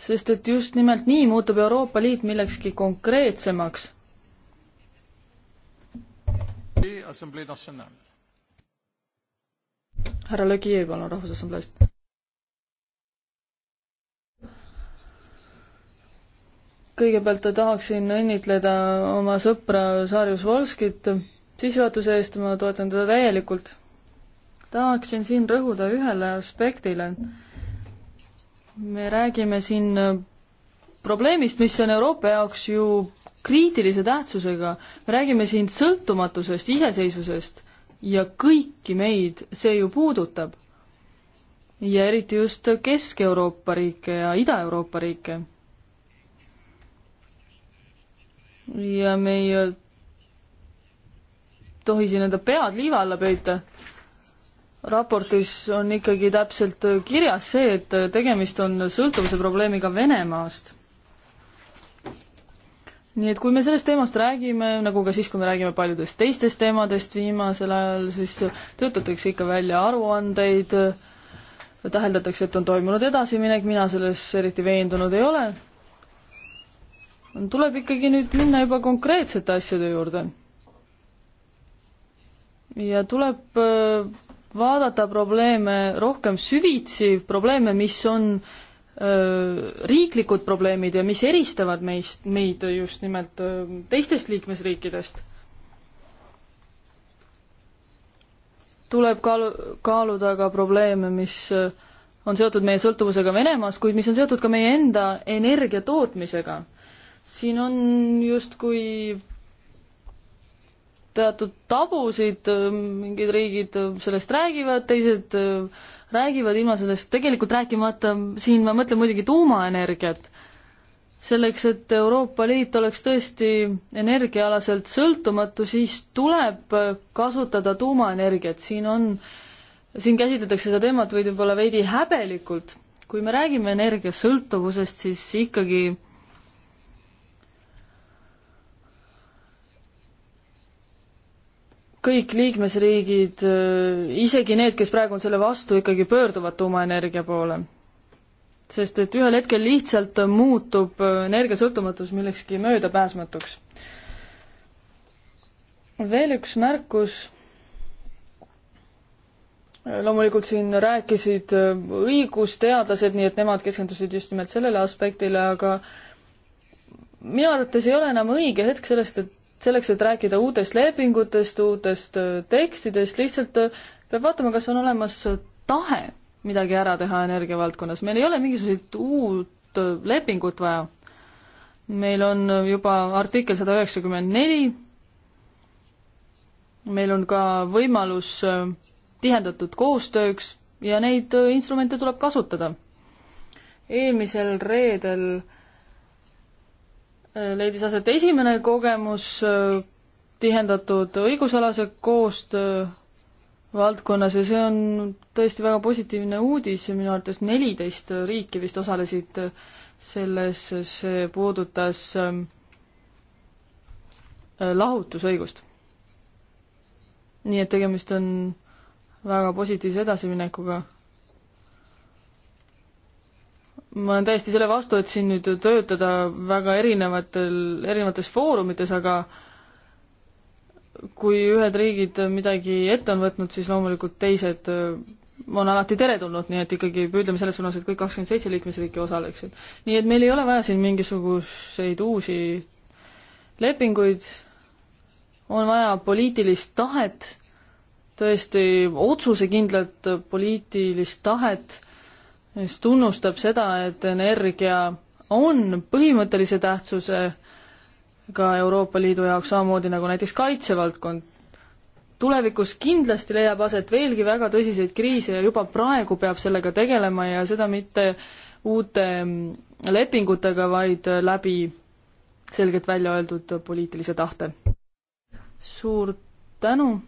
sest et just nimelt nii muutub Euroopa Liit millekski konkreetsemaks. härra Legier, palun, Rahvusassambleest kõigepealt tahaksin õnnitleda oma sõpra Saarjus Volskit sissejuhatuse eest, ma toetan teda täielikult. tahaksin siin rõhuda ühele aspektile. me räägime siin probleemist, mis on Euroopa jaoks ju kriitilise tähtsusega. me räägime siin sõltumatusest, iseseisvusest ja kõiki meid see ju puudutab. ja eriti just Kesk-Euroopa riike ja Ida-Euroopa riike ja me ei tohi siin enda pead liiva alla peita. raportis on ikkagi täpselt kirjas see, et tegemist on sõltuvuse probleemiga Venemaast. nii et kui me sellest teemast räägime, nagu ka siis, kui me räägime paljudest teistest teemadest viimasel ajal, siis töötatakse ikka välja aruandeid, täheldatakse, et on toimunud edasiminek, mina selles eriti veendunud ei ole tuleb ikkagi nüüd minna juba konkreetsete asjade juurde. ja tuleb äh, vaadata probleeme rohkem süvitsi, probleeme, mis on öö, äh, riiklikud probleemid ja mis eristavad meist, meid just nimelt öö, äh, teistest liikmesriikidest tuleb kaalu-, kaaluda ka probleeme, mis on seotud meie sõltuvusega Venemaast, kuid mis on seotud ka meie enda energiatootmisega siin on justkui teatud tabusid, mingid riigid sellest räägivad, teised räägivad ilma sellest tegelikult rääkimata, siin ma mõtlen muidugi tuumaenergiat. selleks, et Euroopa Liit oleks tõesti energiaalaselt sõltumatu, siis tuleb kasutada tuumaenergiat, siin on, siin käsitletakse seda teemat võib-olla veidi häbelikult. kui me räägime energiasõltuvusest, siis ikkagi kõik liikmesriigid, äh, isegi need, kes praegu on selle vastu, ikkagi pöörduvad tuumaenergia poole. sest et ühel hetkel lihtsalt muutub äh, energiasõltumatus millekski möödapääsmatuks. veel üks märkus. loomulikult siin rääkisid äh, õigusteadlased, nii et nemad keskendusid just nimelt sellele aspektile, aga minu arvates ei ole enam õige hetk sellest, et selleks, et rääkida uutest lepingutest, uutest äh, tekstidest, lihtsalt äh, peab vaatama, kas on olemas äh, tahe midagi ära teha energia valdkonnas, meil ei ole mingisugust uut lepingut vaja. meil on juba artikkel sada üheksakümmend neli, meil on ka võimalus tihendatud koostööks ja neid instrumente tuleb kasutada. eelmisel reedel äh, leidis aset esimene kogemus äh, tihendatud õigusalase koostöö valdkonnas ja see on tõesti väga positiivne uudis ja minu arvates neliteist riiki vist osalesid äh, selles, see puudutas äh, lahutusõigust. nii et tegemist on väga positiivse edasiminekuga ma olen täiesti selle vastu, et siin nüüd töötada väga erinevatel, erinevates foorumites, aga kui ühed riigid midagi ette on võtnud, siis loomulikult teised on alati teretulnud, nii et ikkagi püüdleme selles suunas, et kõik kakskümmend seitse liikmesriiki osaleksid. nii et meil ei ole vaja siin mingisuguseid uusi lepinguid, on vaja poliitilist tahet, tõesti otsusekindlat poliitilist tahet mis tunnustab seda, et energia on põhimõttelise tähtsusega Euroopa Liidu jaoks, samamoodi nagu näiteks kaitsevaldkond. tulevikus kindlasti leiab aset veelgi väga tõsiseid kriise ja juba praegu peab sellega tegelema ja seda mitte uute lepingutega, vaid läbi selgelt välja öeldud poliitilise tahte. suur tänu.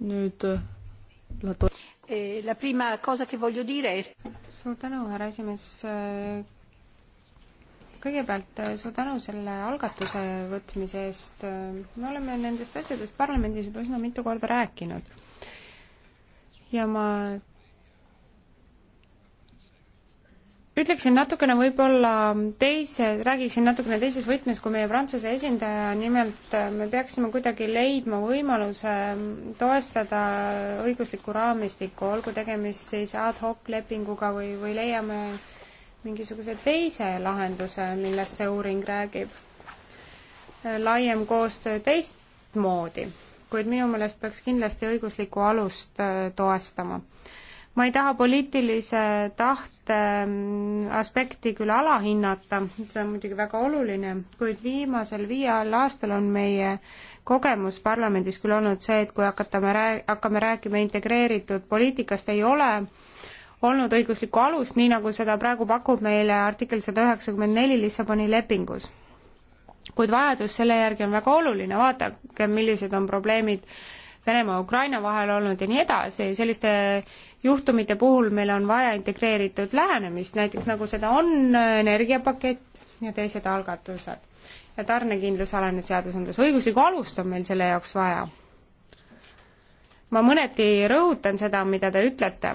nüüd Lato-. Eh, la prima cosa che voglio dire è... suur tänu, härra esimees. kõigepealt eh, suur tänu selle algatuse võtmise eest. me oleme nendest asjadest parlamendis juba üsna mitu korda rääkinud. ja ma ütleksin natukene võib-olla teise, räägiksin natukene teises võtmes kui meie Prantsuse esindaja, nimelt äh, me peaksime kuidagi leidma võimaluse ähm, toestada õiguslikku raamistikku, olgu tegemist siis ad hoc lepinguga või, või leiame mingisuguse teise lahenduse, millest see uuring räägib. Äh, laiem koostöö teistmoodi, kuid minu meelest peaks kindlasti õiguslikku alust äh, toestama ma ei taha poliitilise tahte ähm, aspekti küll alahinnata, see on muidugi väga oluline, kuid viimasel viiel aastal on meie kogemus parlamendis küll olnud see, et kui hakatame rää-, hakkame rääkima integreeritud poliitikast, ei ole olnud õiguslikku alust, nii nagu seda praegu pakub meile artikkel sada üheksakümmend neli Lissaboni lepingus. kuid vajadus selle järgi on väga oluline, vaadake, millised on probleemid Venemaa ja Ukraina vahel olnud ja nii edasi, selliste juhtumite puhul meil on vaja integreeritud lähenemist, näiteks nagu seda on äh, energiapakett ja teised algatused. ja tarnekindlusalane seadusandlus, õiguslikku alust on meil selle jaoks vaja. ma mõneti rõhutan seda, mida te ütlete.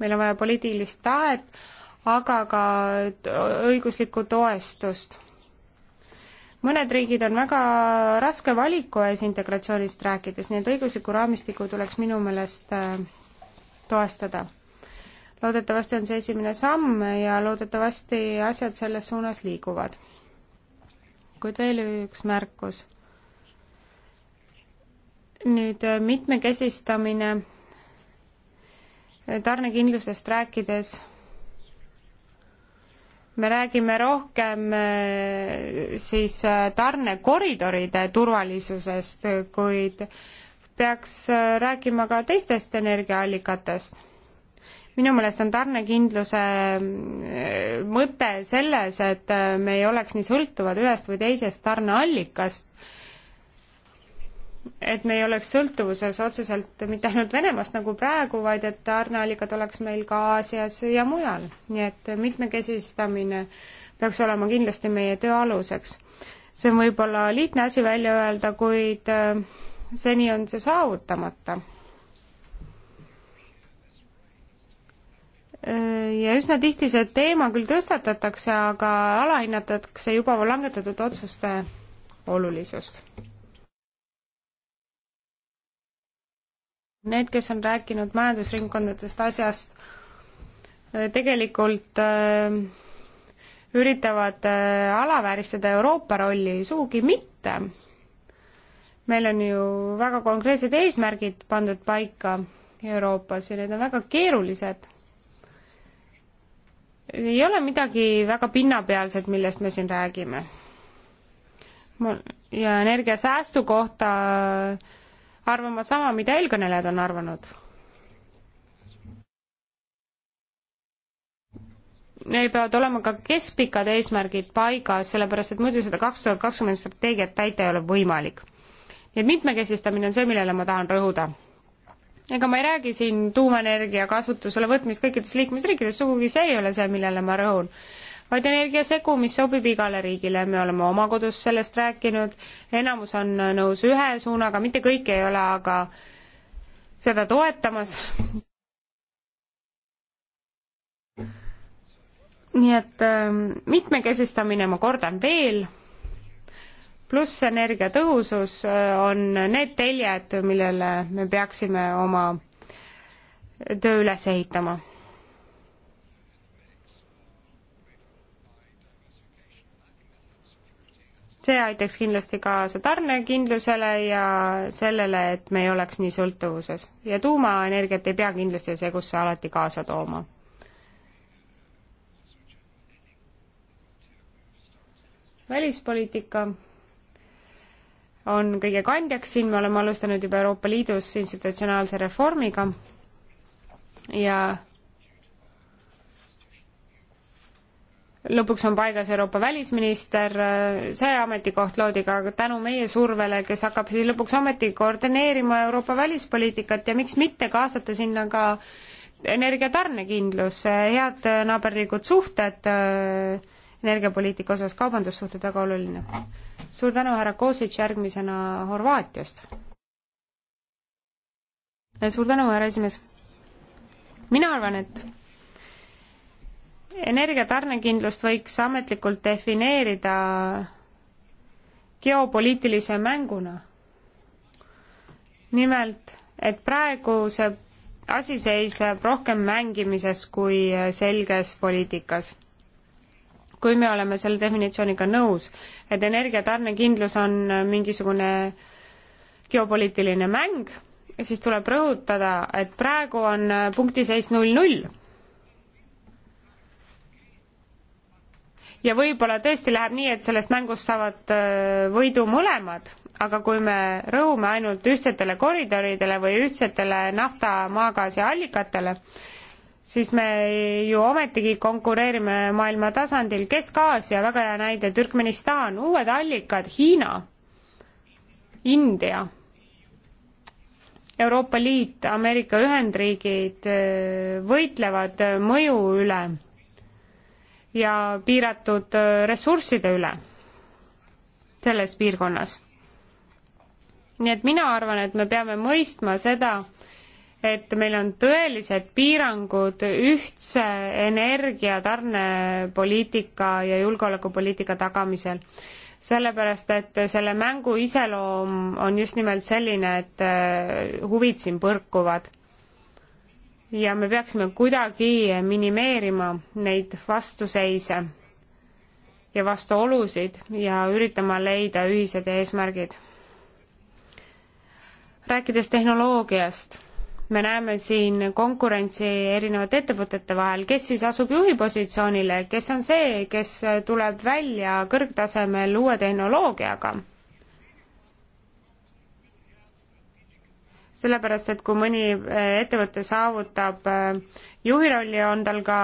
meil on vaja poliitilist tahet, aga ka õiguslikku toestust mõned riigid on väga raske valiku ees integratsioonist rääkides, nii et õigusliku raamistiku tuleks minu meelest äh, toestada. loodetavasti on see esimene samm ja loodetavasti asjad selles suunas liiguvad. kuid veel üks märkus. nüüd äh, mitmekesistamine äh, tarnekindlusest rääkides me räägime rohkem äh, siis tarnekoridoride turvalisusest, kuid peaks äh, rääkima ka teistest energiaallikatest. minu meelest on tarnekindluse äh, mõte selles, et äh, me ei oleks nii sõltuvad ühest või teisest tarneallikast, et me ei oleks sõltuvuses otseselt mitte ainult Venemaast nagu praegu, vaid et tarneallikad oleks meil ka Aasias ja mujal. nii et mitmekesistamine peaks olema kindlasti meie töö aluseks. see on võib-olla lihtne asi välja öelda, kuid äh, seni on see saavutamata. ja üsna tihti see teema küll tõstatatakse, aga alahinnatakse juba langetatud otsuste olulisust. Need, kes on rääkinud majandusringkondadest asjast, tegelikult äh, üritavad äh, alavääristada Euroopa rolli, sugugi mitte meil on ju väga konkreetsed eesmärgid pandud paika Euroopas ja need on väga keerulised. ei ole midagi väga pinnapealset, millest me siin räägime. ja energiasäästu kohta arvan ma sama, mida eelkõnelejad on arvanud neil peavad olema ka keskpikad eesmärgid paigas, sellepärast et muidu seda kaks tuhat kakskümmend strateegiat täita ei ole võimalik nii et mitmekesistamine on see, millele ma tahan rõhuda. ega ma ei räägi siin tuumaenergia kasutusele võtmist kõikides liikmesriikides, sugugi see ei ole see, millele ma rõhun, vaid energiasegu, mis sobib igale riigile, me oleme oma kodus sellest rääkinud, enamus on nõus ühe suunaga, mitte kõik ei ole aga seda toetamas. nii et ähm, mitmekesistamine, ma kordan veel pluss energiatõhusus äh, on need teljed, millele me peaksime oma töö üles ehitama. see aitaks kindlasti kaasa tarnekindlusele ja sellele, et me ei oleks nii sõltuvuses ja tuumaenergiat ei pea kindlasti segusse alati kaasa tooma välispoliitika on kõige kandjaks siin, me oleme alustanud juba Euroopa Liidus institutsionaalse reformiga ja lõpuks on paigas Euroopa välisminister, see ametikoht loodi ka tänu meie survele, kes hakkab siis lõpuks ometi koordineerima Euroopa välispoliitikat ja miks mitte kaasata sinna ka energiatarnekindlus, head naaberlikud suhted äh, energiapoliitika osas kaubandussuhted väga oluline. suur tänu, härra Kosic, järgmisena Horvaatiast. suur tänu, härra esimees. mina arvan, et energiatarnekindlust võiks ametlikult defineerida geopoliitilise mänguna. nimelt, et praegu see asi seisab rohkem mängimises kui selges poliitikas kui me oleme selle definitsiooniga nõus, et energiatarnekindlus on mingisugune geopoliitiline mäng, siis tuleb rõhutada, et praegu on punktiseis null-null. ja võib-olla tõesti läheb nii, et sellest mängust saavad äh, võidu mõlemad, aga kui me rõhume ainult ühtsetele koridoridele või ühtsetele nafta, maagaasi allikatele, siis me ju ometigi konkureerime maailma tasandil, Kesk-Aasia, väga hea näide, Türkmenistan, uued allikad, Hiina, India, Euroopa Liit, Ameerika Ühendriigid äh, võitlevad äh, mõju üle ja piiratud äh, ressursside üle selles piirkonnas. nii et mina arvan, et me peame mõistma seda, et meil on tõelised piirangud ühtse energiatarnepoliitika ja julgeolekupoliitika tagamisel. sellepärast, et selle mängu iseloom on just nimelt selline, et äh, huvid siin põrkuvad. ja me peaksime kuidagi minimeerima neid vastuseise ja vastuolusid ja üritama leida ühised eesmärgid. rääkides tehnoloogiast me näeme siin konkurentsi erinevate ettevõtete vahel, kes siis asub juhi positsioonile, kes on see, kes tuleb välja kõrgtasemel uue tehnoloogiaga. sellepärast, et kui mõni eh, ettevõte saavutab eh, juhi rolli, on tal ka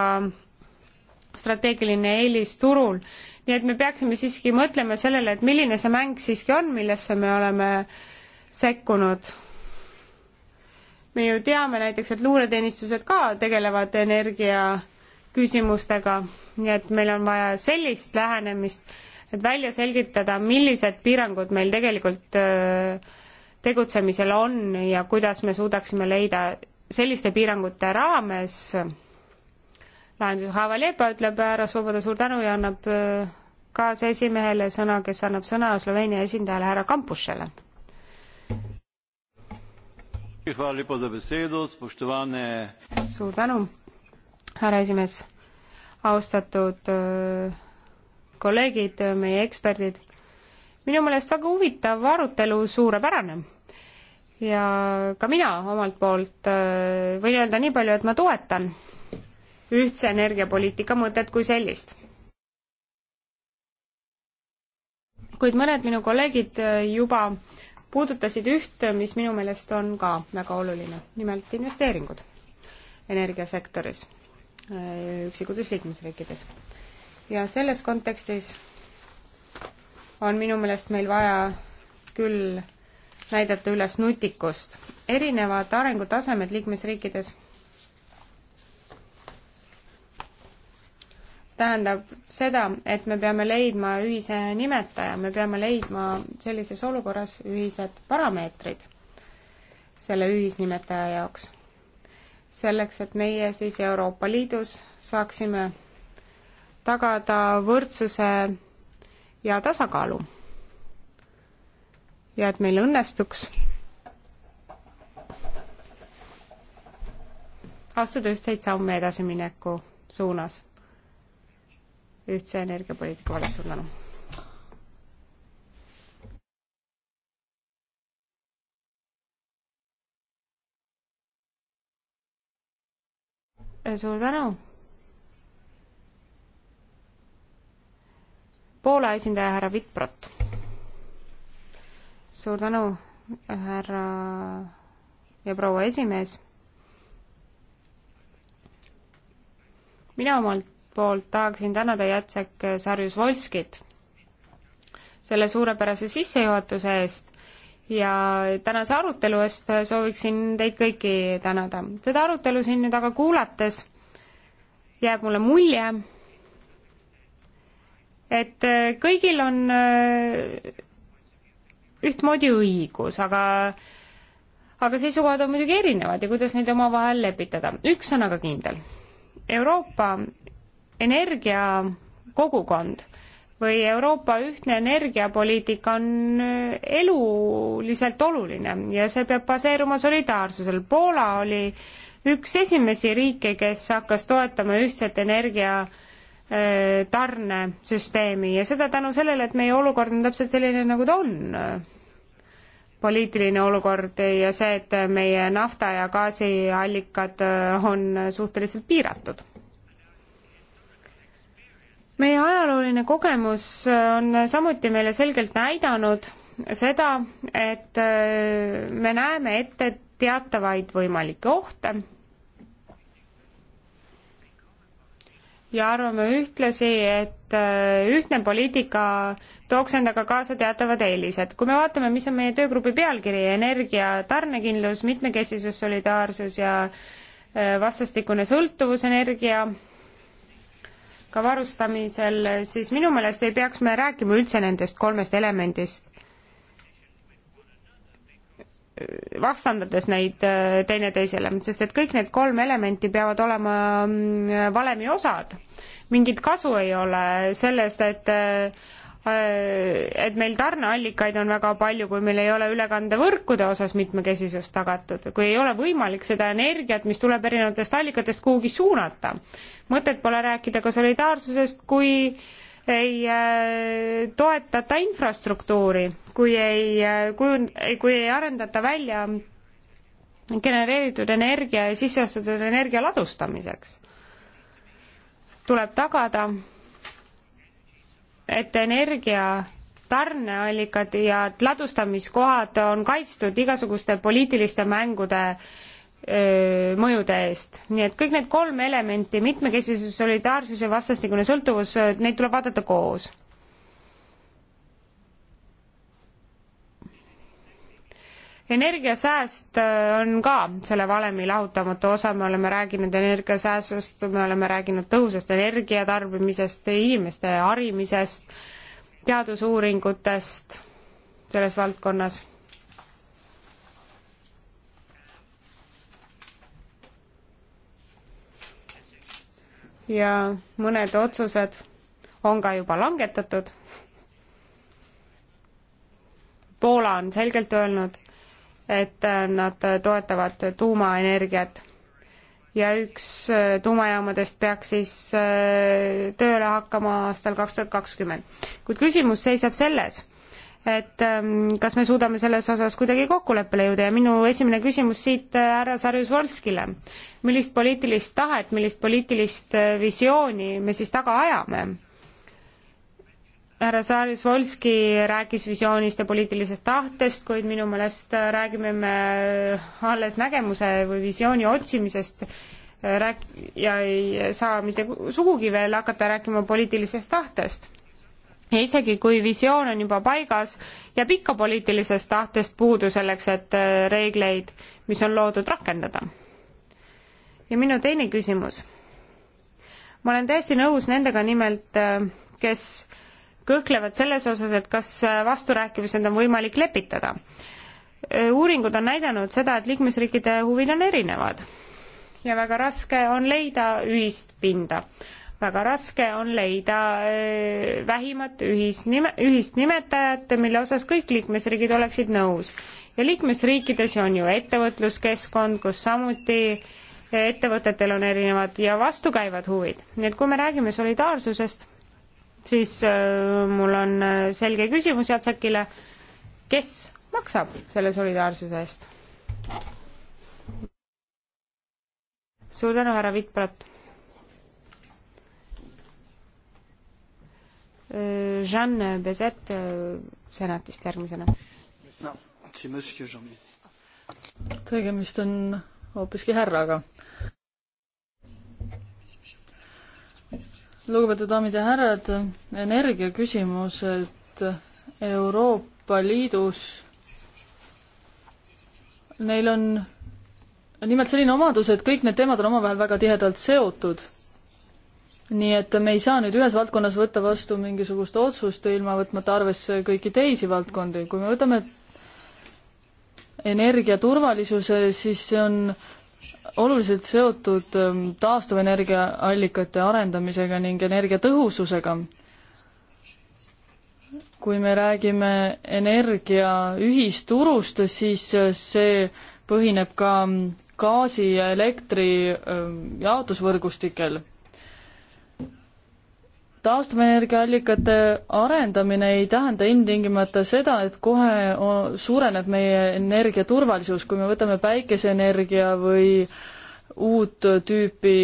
strateegiline eelis turul. nii et me peaksime siiski mõtlema sellele, et milline see mäng siiski on, millesse me oleme sekkunud me ju teame näiteks, et luureteenistused ka tegelevad energia küsimustega, nii et meil on vaja sellist lähenemist, et välja selgitada, millised piirangud meil tegelikult tegutsemisel on ja kuidas me suudaksime leida selliste piirangute raames lahenduse. Haava Leepa ütleb härra Svoboda suur tänu ja annab kaasesimehele sõna, kes annab sõna Sloveenia esindajale härra Kampušele suur tänu, härra esimees, austatud äh, kolleegid, meie eksperdid. minu meelest väga huvitav arutelu, suurepärane. ja ka mina omalt poolt äh, võin öelda nii palju, et ma toetan ühtse energiapoliitika mõtet kui sellist. kuid mõned minu kolleegid äh, juba äh, puudutasid üht, mis minu meelest on ka väga oluline, nimelt investeeringud energiasektoris äh, üksikutes liikmesriikides. ja selles kontekstis on minu meelest meil vaja küll näidata üles nutikust. erinevad arengutasemed liikmesriikides tähendab seda, et me peame leidma ühise nimetaja, me peame leidma sellises olukorras ühised parameetrid selle ühisnimetaja jaoks. selleks, et meie siis Euroopa Liidus saaksime tagada võrdsuse ja tasakaalu. ja et meil õnnestuks astuda ühtseid samme edasimineku suunas ühtse energiapoliitika vallas, suur tänu! suur tänu! Poola esindaja härra Vitprot. suur tänu, härra ja proua esimees. mina omalt poolt tahaksin tänada Jacek Sarjus-Volskit selle suurepärase sissejuhatuse eest ja tänase arutelu eest sooviksin teid kõiki tänada. seda arutelu siin nüüd aga kuulates jääb mulle mulje, et kõigil on äh, ühtmoodi õigus, aga aga seisukohad on muidugi erinevad ja kuidas neid omavahel lepitada. üks on aga kindel. Euroopa energiakogukond või Euroopa ühtne energiapoliitika on äh, eluliselt oluline ja see peab baseeruma solidaarsusel. Poola oli üks esimesi riike, kes hakkas toetama ühtset energia äh, tarnesüsteemi ja seda tänu sellele, et meie olukord on täpselt selline, nagu ta on. poliitiline olukord ja see, et meie nafta ja gaasiallikad äh, on suhteliselt piiratud meie ajalooline kogemus äh, on samuti meile selgelt näidanud seda, et äh, me näeme ette teatavaid võimalikke ohte ja arvame ühtlasi, et äh, ühtne poliitika tooks endaga kaasa teatavad eelised. kui me vaatame, mis on meie töögrupi pealkiri, energia tarnekindlus, mitmekesisus, solidaarsus ja vastastikune sõltuvus energia energeetika varustamisel, siis minu meelest ei peaks me rääkima üldse nendest kolmest elemendist, vastandades neid äh, teineteisele, sest et kõik need kolm elementi peavad olema mm, valemi osad. mingit kasu ei ole sellest, et äh, äh, et meil tarneallikaid on väga palju, kui meil ei ole ülekandevõrkude osas mitmekesisust tagatud, kui ei ole võimalik seda energiat, mis tuleb erinevatest allikatest, kuhugi suunata mõtet pole rääkida ka solidaarsusest, kui ei äh, toetata infrastruktuuri, kui ei, äh, kui, kui ei arendata välja genereeritud energia ja sisseostatud energia ladustamiseks. tuleb tagada, et energia tarneallikad ja ladustamiskohad on kaitstud igasuguste poliitiliste mängude mõjude eest. nii et kõik need kolm elementi, mitmekesisus, solidaarsus ja vastastikune sõltuvus, neid tuleb vaadata koos. energiasääst on ka selle valemi lahutamatu osa, me oleme rääkinud energiasäästust, me oleme rääkinud tõhusast energiatarbimisest, inimeste harimisest, teadusuuringutest selles valdkonnas ja mõned otsused on ka juba langetatud. Poola on selgelt öelnud, et nad toetavad tuumaenergiat ja üks tuumajaamadest peaks siis tööle hakkama aastal kaks tuhat kakskümmend. kuid küsimus seisab selles et ähm, kas me suudame selles osas kuidagi kokkuleppele jõuda ja minu esimene küsimus siit äh, härra Sarjus-Volskile. millist poliitilist tahet, millist poliitilist äh, visiooni me siis taga ajame? härra Sarjus-Volski rääkis visioonist ja poliitilisest tahtest, kuid minu meelest äh, räägime me alles nägemuse või visiooni otsimisest rääk- ja ei saa mitte sugugi veel hakata rääkima poliitilisest tahtest ja isegi kui visioon on juba paigas, jääb ikka poliitilisest tahtest puudu selleks, et äh, reegleid, mis on loodud, rakendada. ja minu teine küsimus. ma olen täiesti nõus nendega nimelt, äh, kes kõhklevad selles osas, et kas äh, vasturääkivused on võimalik lepitada. uuringud on näidanud seda, et liikmesriikide huvid on erinevad ja väga raske on leida ühist pinda väga raske on leida äh, vähimat ühisnime, ühist nimetajat, mille osas kõik liikmesriigid oleksid nõus. ja liikmesriikides on ju ettevõtluskeskkond, kus samuti ettevõtetel on erinevad ja vastukäivad huvid. nii et kui me räägime solidaarsusest, siis äh, mul on äh, selge küsimus Jatsakile, kes maksab selle solidaarsuse eest? suur tänu, härra Vitt-Pratt Äh, Jeanne Bezet äh, senatist järgmisena no,. tegemist on hoopiski härraga. lugupeetud daamid ja härrad, energiaküsimused Euroopa Liidus, neil on nimelt selline omadus, et kõik need teemad on omavahel väga tihedalt seotud nii et me ei saa nüüd ühes valdkonnas võtta vastu mingisugust otsust ilma võtmata arvesse kõiki teisi valdkondi. kui me võtame energiaturvalisuse, siis see on oluliselt seotud ähm, taastuvenergiaallikate arendamisega ning energiatõhususega. kui me räägime energia ühisturust, siis äh, see põhineb ka mm, gaasi ja elektri ähm, jaotusvõrgustikel taastuvenergiaallikate arendamine ei tähenda ilmtingimata seda, et kohe suureneb meie energiaturvalisus, kui me võtame päikeseenergia või uut tüüpi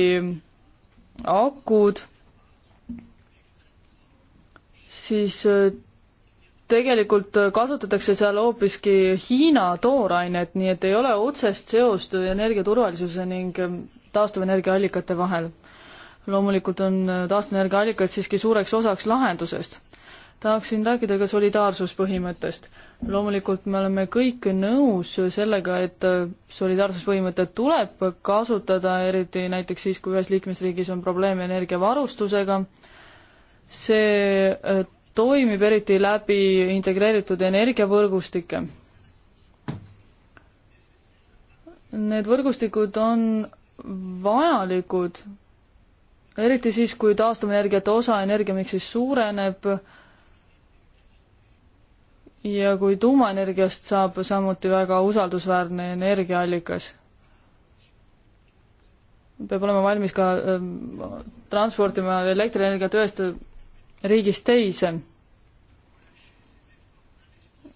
akud, siis äh, tegelikult kasutatakse seal hoopiski Hiina toorainet, nii et ei ole otsest seost energiaturvalisuse ning taastuvenergiaallikate vahel loomulikult on äh, taastuvenergiaallikad siiski suureks osaks lahendusest. tahaksin rääkida ka solidaarsuspõhimõttest. loomulikult me oleme kõik nõus sellega, et äh, solidaarsuspõhimõtet tuleb kasutada, eriti näiteks siis, kui ühes liikmesriigis on probleeme energiavarustusega. see äh, toimib eriti läbi integreeritud energiavõrgustike. Need võrgustikud on vajalikud eriti siis, kui taastuvenergiate osa energiamiksis suureneb ja kui tuumaenergiast saab samuti väga usaldusväärne energiaallikas. peab olema valmis ka äh, transportima elektrienergiat ühest riigist teise.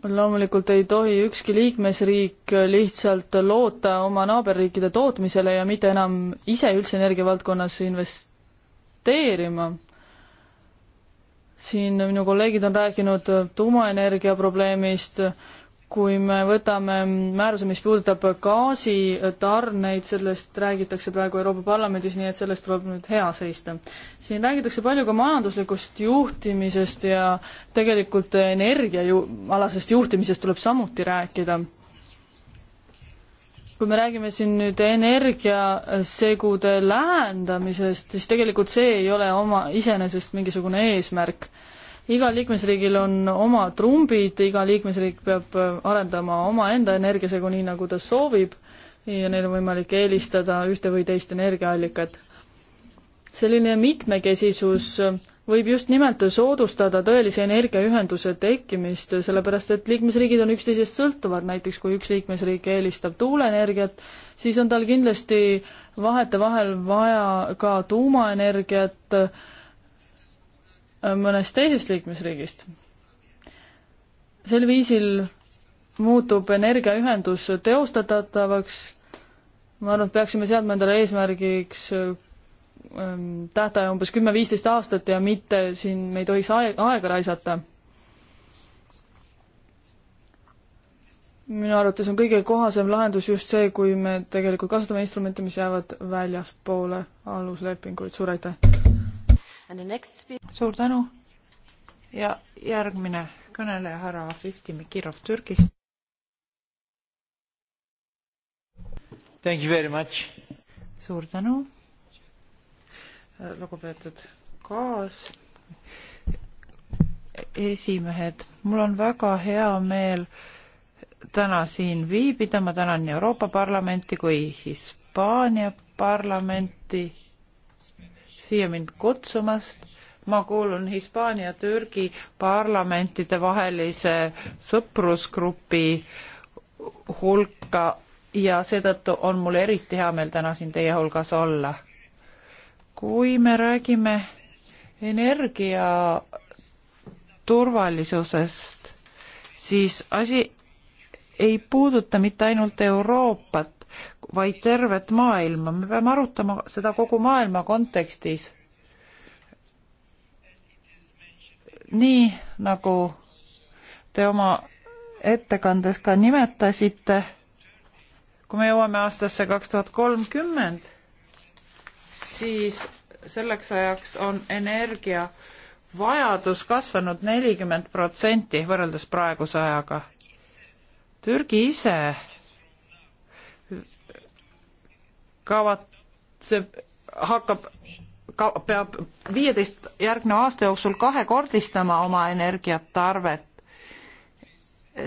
loomulikult ei tohi ükski liikmesriik lihtsalt loota oma naaberriikide tootmisele ja mitte enam ise üldse energiavaldkonnas invest-, roteerima. siin minu kolleegid on rääkinud tuumaenergia probleemist, kui me võtame määruse, mis puudutab gaasitarneid, sellest räägitakse praegu Euroopa Parlamendis, nii et sellest tuleb nüüd hea seista. siin räägitakse palju ka majanduslikust juhtimisest ja tegelikult energia ju-, alasest juhtimisest tuleb samuti rääkida kui me räägime siin nüüd energiasegude lähendamisest, siis tegelikult see ei ole oma, iseenesest mingisugune eesmärk. igal liikmesriigil on oma trumbid, iga liikmesriik peab äh, arendama omaenda energiasegu nii, nagu ta soovib ja neil on võimalik eelistada ühte või teist energiaallikat. selline mitmekesisus äh, võib just nimelt soodustada tõelise energiaühenduse tekkimist, sellepärast et liikmesriigid on üksteisest sõltuvad, näiteks kui üks liikmesriik eelistab tuuleenergiat, siis on tal kindlasti vahetevahel vaja ka tuumaenergiat äh, mõnest teisest liikmesriigist. sel viisil muutub energiaühendus teostatavaks, ma arvan, et peaksime seadma endale eesmärgiks Ehm, tähtaja umbes kümme-viisteist aastat ja mitte siin me ei tohiks aega, aega raisata. minu arvates on kõige kohasem lahendus just see, kui me tegelikult kasutame instrumente, mis jäävad väljaspoole aluslepinguid. suur aitäh! suur tänu ja järgmine kõneleja, härra Fifti Mikirov Türgist. suur tänu! lugupeetud kaas esimehed, mul on väga hea meel täna siin viibida, ma tänan nii Euroopa Parlamenti kui Hispaania parlamenti siia mind kutsumast. ma kuulun Hispaania-Türgi parlamentide vahelise sõprusgrupi hulka ja seetõttu on mul eriti hea meel täna siin teie hulgas olla kui me räägime energia turvalisusest, siis asi ei puuduta mitte ainult Euroopat, vaid tervet maailma, me peame arutama seda kogu maailma kontekstis. nii nagu te oma ettekandes ka nimetasite, kui me jõuame aastasse kaks tuhat kolmkümmend siis selleks ajaks on energiavajadus kasvanud nelikümmend protsenti võrreldes praeguse ajaga. Türgi ise kavatseb, hakkab ka, peab viieteist järgneva aasta jooksul kahekordistama oma energiatarvet.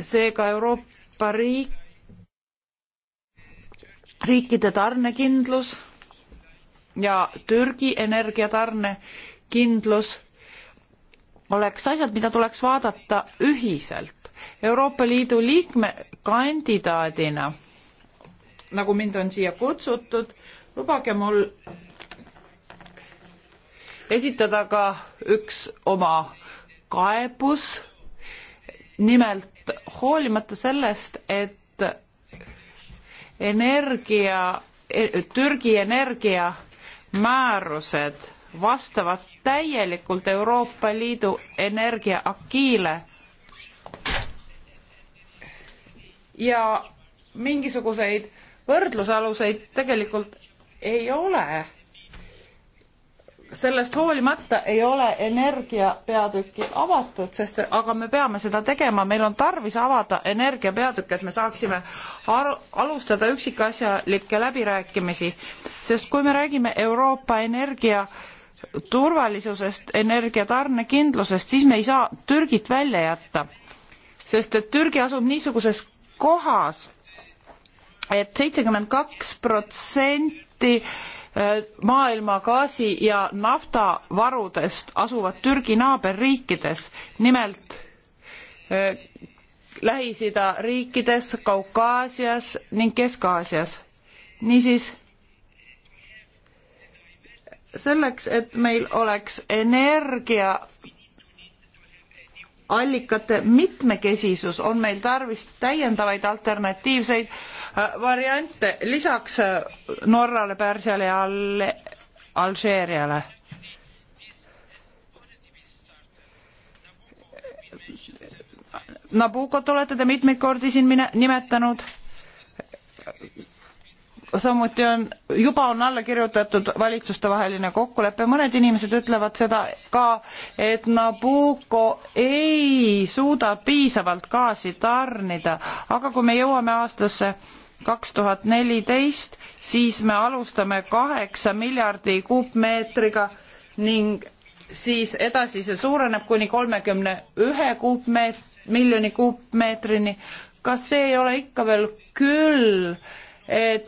seega Euroopa riik, riikide tarnekindlus ja Türgi energiatarne kindlus oleks asjad, mida tuleks vaadata ühiselt. Euroopa Liidu liikme kandidaadina, nagu mind on siia kutsutud, lubage mul esitada ka üks oma kaebus. nimelt hoolimata sellest, et energia, Türgi energia määrused vastavad täielikult Euroopa Liidu energiaakile. ja mingisuguseid võrdlusaluseid tegelikult ei ole sellest hoolimata ei ole energia peatükki avatud, sest aga me peame seda tegema, meil on tarvis avada energia peatükk, et me saaksime aru, alustada üksikasjalikke läbirääkimisi, sest kui me räägime Euroopa energia turvalisusest, energia tarnekindlusest, siis me ei saa Türgit välja jätta, sest et Türgi asub niisuguses kohas et, et seitsekümmend kaks protsenti Äh, maailma gaasi ja naftavarudest asuvad Türgi naaberriikides, nimelt äh, Lähis-Ida riikides, Kaukaasias ning Kesk-Aasias. niisiis, selleks, et meil oleks energia allikate mitmekesisus, on meil tarvis täiendavaid alternatiivseid Äh, variante lisaks äh, Norrale, Pärsiale ja Al-, Alžeeriale. Nabucot olete te mitmeid kordi siin mine-, nimetanud. samuti on, juba on alla kirjutatud valitsustevaheline kokkulepe, mõned inimesed ütlevad seda ka, et Nabucco ei suuda piisavalt gaasi tarnida, aga kui me jõuame aastasse kaks kaks tuhat neliteist, siis me alustame kaheksa miljardi kuupmeetriga ning siis edasi see suureneb kuni kolmekümne ühe kuupmeet-, miljoni kuupmeetrini. kas see ei ole ikka veel küll, et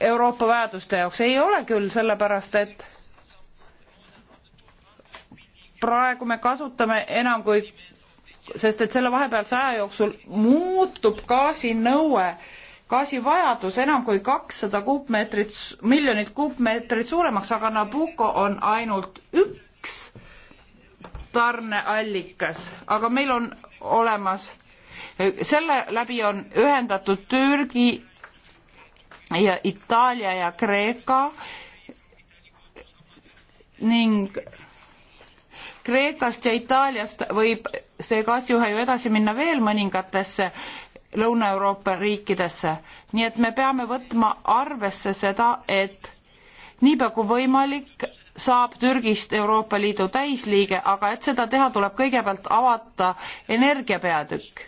Euroopa vajaduste jaoks ei ole küll, sellepärast et praegu me kasutame enam kui, sest et selle vahepealse aja jooksul muutub gaasi nõue äh, gaasivajadus enam kui kakssada kuupmeetrit, miljonit kuupmeetrit suuremaks, aga Nabucco on ainult üks tarneallikas, aga meil on olemas, selle läbi on ühendatud Türgi ja Itaalia ja Kreeka ning Kreekast ja Itaaliast võib see gaasijuhe ju edasi minna veel mõningatesse Lõuna-Euroopa riikidesse. nii et me peame võtma arvesse seda, et niipea kui võimalik, saab Türgist Euroopa Liidu täisliige, aga et seda teha, tuleb kõigepealt avata energiapeatükk.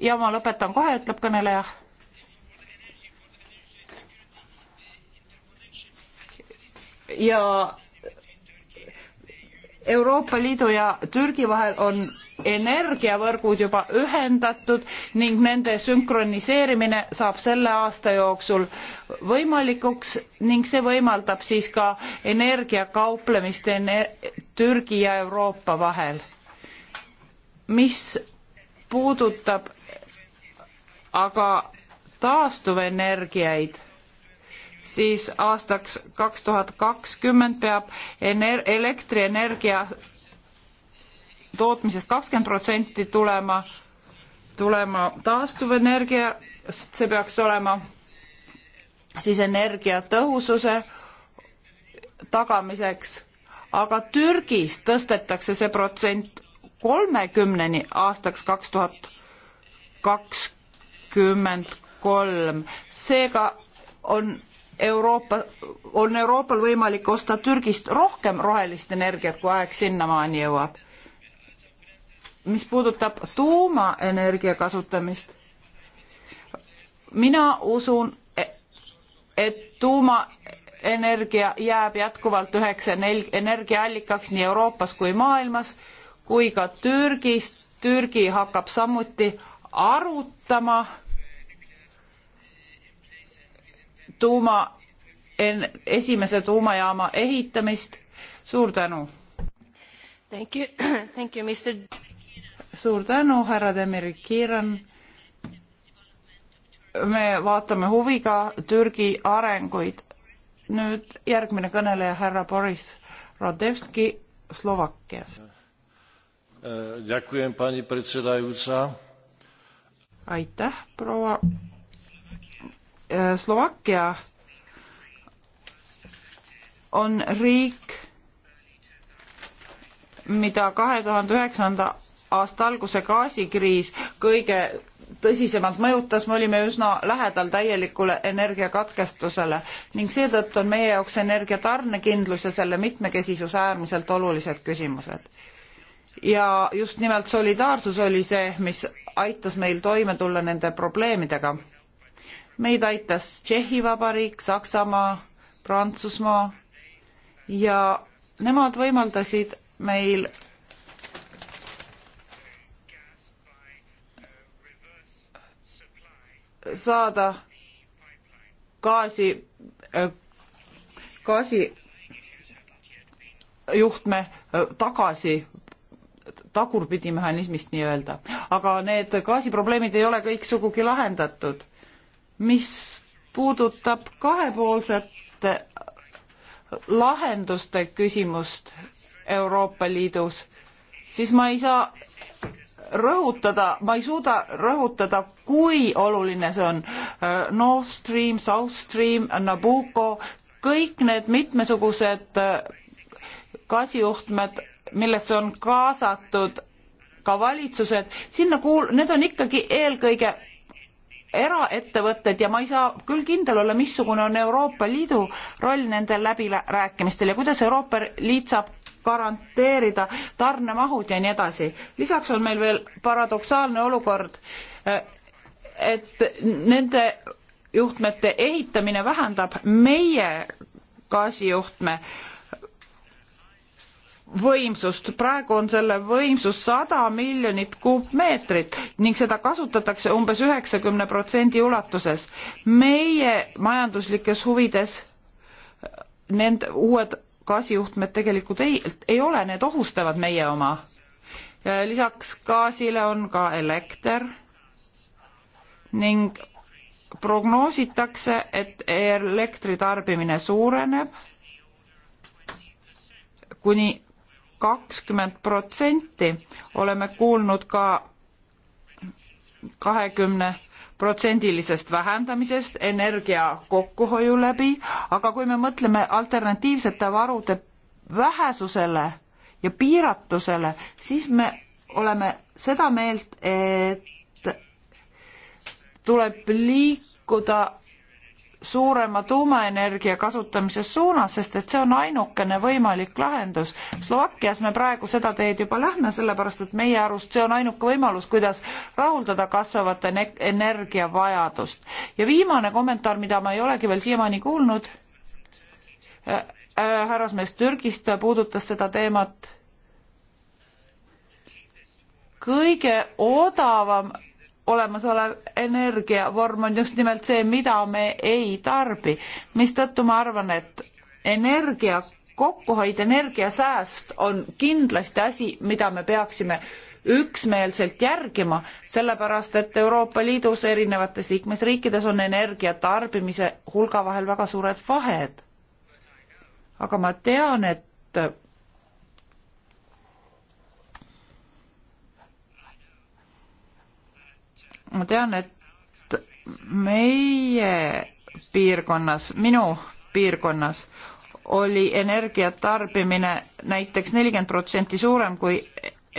ja ma lõpetan kohe, ütleb kõneleja. ja Euroopa Liidu ja Türgi vahel on energiavõrgud juba ühendatud ning nende sünkroniseerimine saab selle aasta jooksul võimalikuks ning see võimaldab siis ka energiakauplemist ener Türgi ja Euroopa vahel. mis puudutab aga taastuvenergiaid siis aastaks kaks tuhat kakskümmend peab ener-, elektrienergia tootmisest kakskümmend protsenti tulema, tulema taastuvenergiast, see peaks olema siis energiatõhususe tagamiseks, aga Türgis tõstetakse see protsent kolmekümneni aastaks kaks tuhat kakskümmend kolm. seega on Euroopa, on Euroopal võimalik osta Türgist rohkem rohelist energiat, kui aeg sinnamaani jõuab. mis puudutab tuumaenergia kasutamist, mina usun, et tuumaenergia jääb jätkuvalt üheks energiaallikaks nii Euroopas kui maailmas kui ka Türgis. Türgi hakkab samuti arutama tuuma, esimese tuumajaama ehitamist. suur tänu. Thank you, thank you, Mr. suur tänu, härra Demir-Kiran. me vaatame huviga Türgi arenguid. nüüd järgmine kõneleja, härra Boris Radevski Slovakkias. Äh, aitäh, proua Äh, Slovakkia on riik, mida kahe tuhande üheksanda aasta alguse gaasikriis kõige tõsisemalt mõjutas, me olime üsna lähedal täielikule energiakatkestusele ning seetõttu on meie jaoks energia tarnekindlus ja selle mitmekesisus äärmiselt olulised küsimused. ja just nimelt solidaarsus oli see, mis aitas meil toime tulla nende probleemidega meid aitas Tšehhi Vabariik, Saksamaa, Prantsusmaa ja nemad võimaldasid meil saada gaasi, äh, gaasijuhtme äh, tagasi tagurpidi mehhanismist nii-öelda, aga need gaasiprobleemid ei ole kõik sugugi lahendatud mis puudutab kahepoolsete lahenduste küsimust Euroopa Liidus, siis ma ei saa rõhutada, ma ei suuda rõhutada, kui oluline see on. Nord Stream, South Stream, Nabucco, kõik need mitmesugused gaasijuhtmed, millesse on kaasatud ka valitsused, sinna kuul-, need on ikkagi eelkõige eraettevõtted ja ma ei saa küll kindel olla, missugune on Euroopa Liidu roll nendel läbirääkimistel ja kuidas Euroopa Liit saab garanteerida tarnemahud ja nii edasi. lisaks on meil veel paradoksaalne olukord, eh, et nende juhtmete ehitamine vähendab meie gaasijuhtme äh, võimsust, praegu on selle võimsus sada miljonit kuupmeetrit ning seda kasutatakse umbes üheksakümne protsendi ulatuses. meie majanduslikes huvides need uued gaasijuhtmed tegelikult ei, ei ole, need ohustavad meie oma. lisaks gaasile on ka elekter ning prognoositakse, et elektri tarbimine suureneb kuni kakskümmend protsenti, oleme kuulnud ka kahekümne protsendilisest vähendamisest energia kokkuhoiu läbi, aga kui me mõtleme alternatiivsete varude vähesusele ja piiratusele, siis me oleme seda meelt, et tuleb liikuda suurema tuumaenergia kasutamise suunas, sest et see on ainukene võimalik lahendus. Slovakkias me praegu seda teed juba lähme, sellepärast et meie arust see on ainuke võimalus, kuidas rahuldada kasvavat energiavajadust. ja viimane kommentaar, mida ma ei olegi veel siiamaani kuulnud äh,, äh, härrasmees Türgist puudutas seda teemat. kõige odavam olemasolev energiavorm on just nimelt see, mida me ei tarbi, mistõttu ma arvan, et energia kokkuhoid, energiasääst on kindlasti asi, mida me peaksime üksmeelselt järgima, sellepärast et Euroopa Liidus erinevates liikmesriikides on energia tarbimise hulga vahel väga suured vahed. aga ma tean, et ma tean, et meie piirkonnas, minu piirkonnas oli energiatarbimine näiteks nelikümmend protsenti suurem kui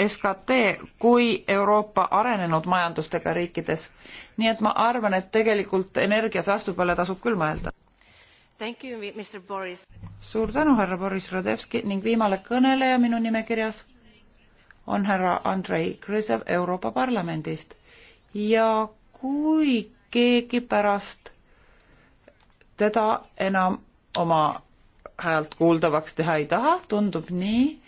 SKT kui Euroopa arenenud majandustega riikides. nii et ma arvan, et tegelikult energiasäästu peale tasub küll mõelda. suur tänu, härra Boris Radevski ning viimane kõneleja minu nimekirjas on härra Andrei Krisev Euroopa Parlamendist ja kui keegi pärast teda enam oma häält kuuldavaks teha ei taha, tundub nii.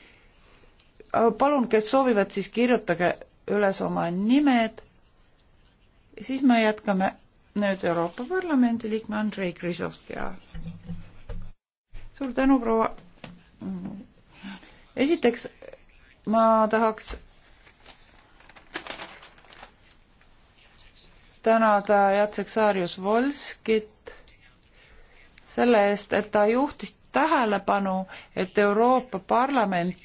palun, kes soovivad, siis kirjutage üles oma nimed. siis me jätkame nüüd Euroopa Parlamendi liikme Andrei Križovskiga. suur tänu, proua. esiteks ma tahaks tänada Jacek Saarjus-Volskit selle eest, et ta juhtis tähelepanu, et Euroopa Parlament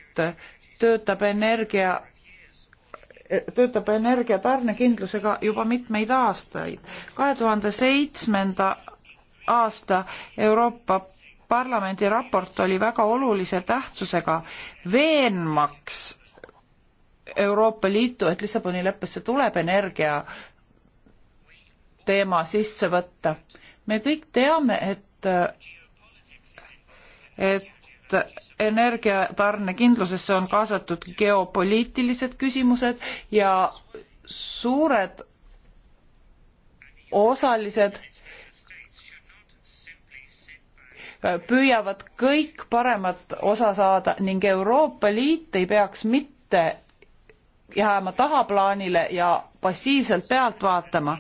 töötab energia, töötab energia tarnekindlusega juba mitmeid aastaid. kahe tuhande seitsmenda aasta Euroopa Parlamendi raport oli väga olulise tähtsusega, veenmaks Euroopa Liitu, et Lissaboni leppesse tuleb energia teema sisse võtta. me kõik teame, et, et energiatarnekindlusesse on kaasatud geopoliitilised küsimused ja suured osalised püüavad kõik paremat osa saada ning Euroopa Liit ei peaks mitte jääma tahaplaanile ja passiivselt pealt vaatama.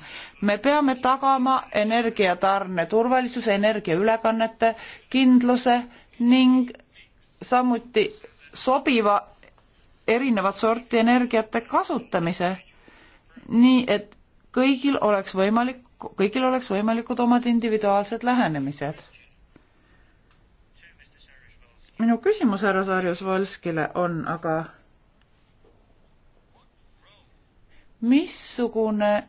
me peame tagama energiatarne turvalisuse, energiaülekannete kindluse ning samuti sobiva erinevat sorti energiate kasutamise, nii et kõigil oleks võimalik, kõigil oleks võimalikud omad individuaalsed lähenemised. minu küsimus härra Sarjus Volskile on aga missugune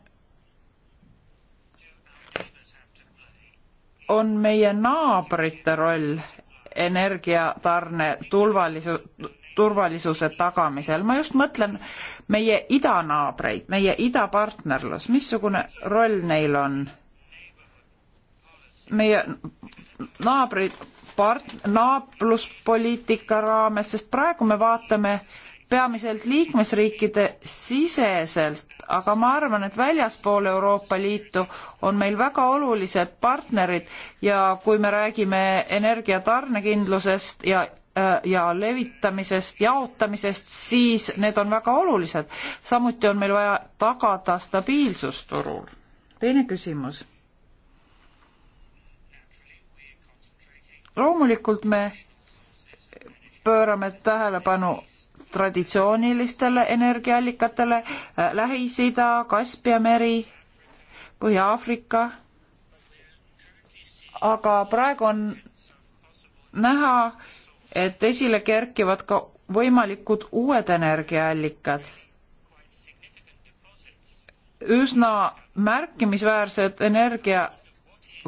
on meie naabrite roll energiatarne turvalisu-, turvalisuse tagamisel, ma just mõtlen meie idanaabreid, meie idapartnerlus, missugune roll neil on? meie naabrid, part-, naabruspoliitika raames, sest praegu me vaatame äh, peamiselt liikmesriikide siseselt, aga ma arvan, et väljaspool Euroopa Liitu on meil väga olulised partnerid ja kui me räägime energia tarnekindlusest ja äh, ja levitamisest, jaotamisest, siis need on väga olulised. samuti on meil vaja tagada stabiilsus turul. teine küsimus. loomulikult me pöörame tähelepanu traditsioonilistele energiaallikatele äh, Lähis-Ida, Kaspia meri, Põhja-Aafrika. aga praegu on näha, et esile kerkivad ka võimalikud uued energiaallikad. üsna märkimisväärsed energia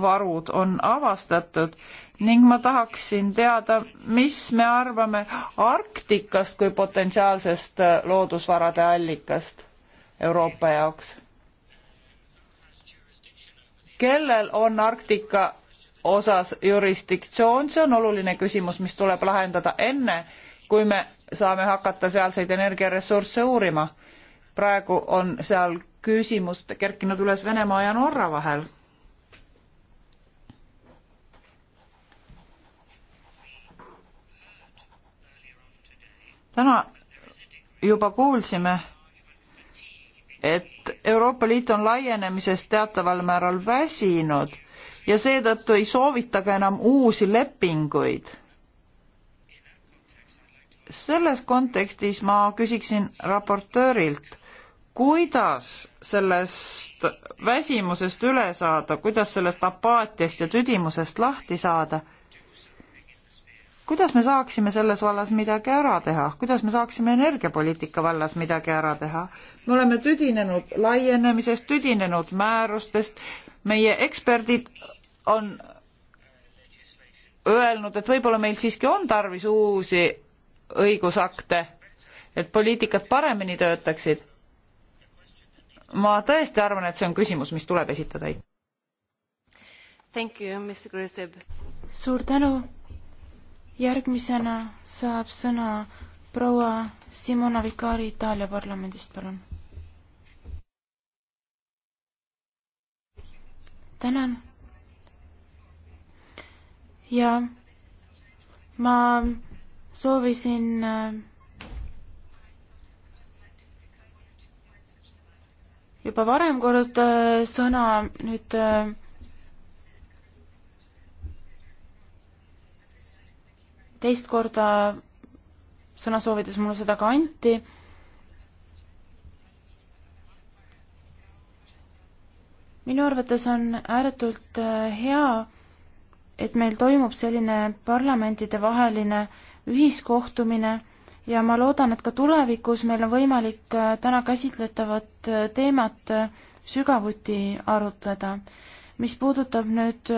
varud on avastatud ning ma tahaksin teada, mis me arvame Arktikast kui potentsiaalsest äh, loodusvarade allikast Euroopa jaoks. kellel on Arktika osas jurisdiktsioon, see on oluline küsimus, mis tuleb lahendada enne, kui me saame hakata sealseid energiaressursse uurima. praegu on seal küsimus kerkinud üles Venemaa ja Norra vahel täna juba kuulsime, et Euroopa Liit on laienemisest teataval määral väsinud ja seetõttu ei soovita ka enam uusi lepinguid. selles kontekstis ma küsiksin raportöörilt, kuidas sellest väsimusest üle saada, kuidas sellest apaatiast ja tüdimusest lahti saada kuidas me saaksime selles vallas midagi ära teha, kuidas me saaksime energiapoliitika vallas midagi ära teha? me oleme tüdinenud laienemisest, tüdinenud määrustest, meie eksperdid on öelnud, et võib-olla meil siiski on tarvis uusi õigusakte, et poliitikad paremini töötaksid. ma tõesti arvan, et see on küsimus, mis tuleb esitada. suur tänu järgmisena saab sõna proua Simona Vicari Itaalia parlamendist, palun. tänan. ja ma soovisin äh, juba varem kord äh, sõna, nüüd äh, teist korda sõna soovides mulle seda ka anti. minu arvates on ääretult äh, hea, et meil toimub selline parlamentidevaheline ühiskohtumine ja ma loodan, et ka tulevikus meil on võimalik äh, täna käsitletavat äh, teemat sügavuti arutleda. mis puudutab nüüd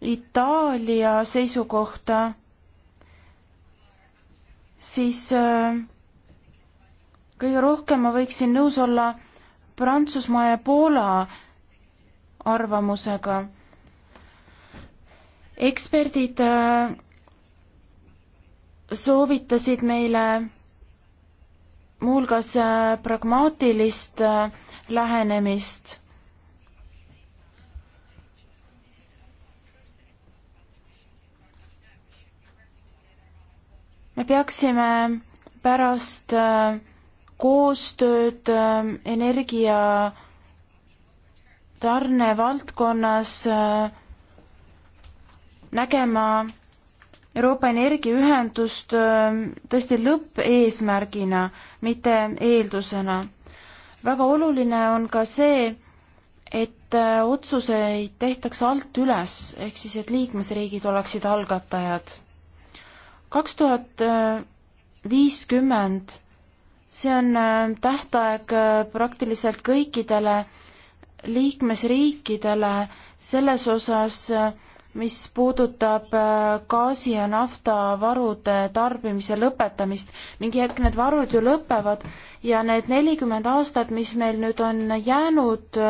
Itaalia seisukohta siis äh, kõige rohkem ma võiksin nõus olla Prantsusmaa ja Poola arvamusega. eksperdid äh, soovitasid meile muuhulgas äh, pragmaatilist lähenemist me peaksime pärast äh, koostööd äh, energia tarne valdkonnas äh, nägema Euroopa energiaühendust tõesti lõppeesmärgina, mitte eeldusena. väga oluline on ka see, et otsuseid tehtaks alt üles, ehk siis, et liikmesriigid oleksid algatajad kaks tuhat äh, viiskümmend, see on äh, tähtaeg äh, praktiliselt kõikidele liikmesriikidele selles osas, mis puudutab gaasi ja naftavarude tarbimise lõpetamist. mingi hetk need varud ju lõpevad ja need nelikümmend aastat, mis meil nüüd on jäänud,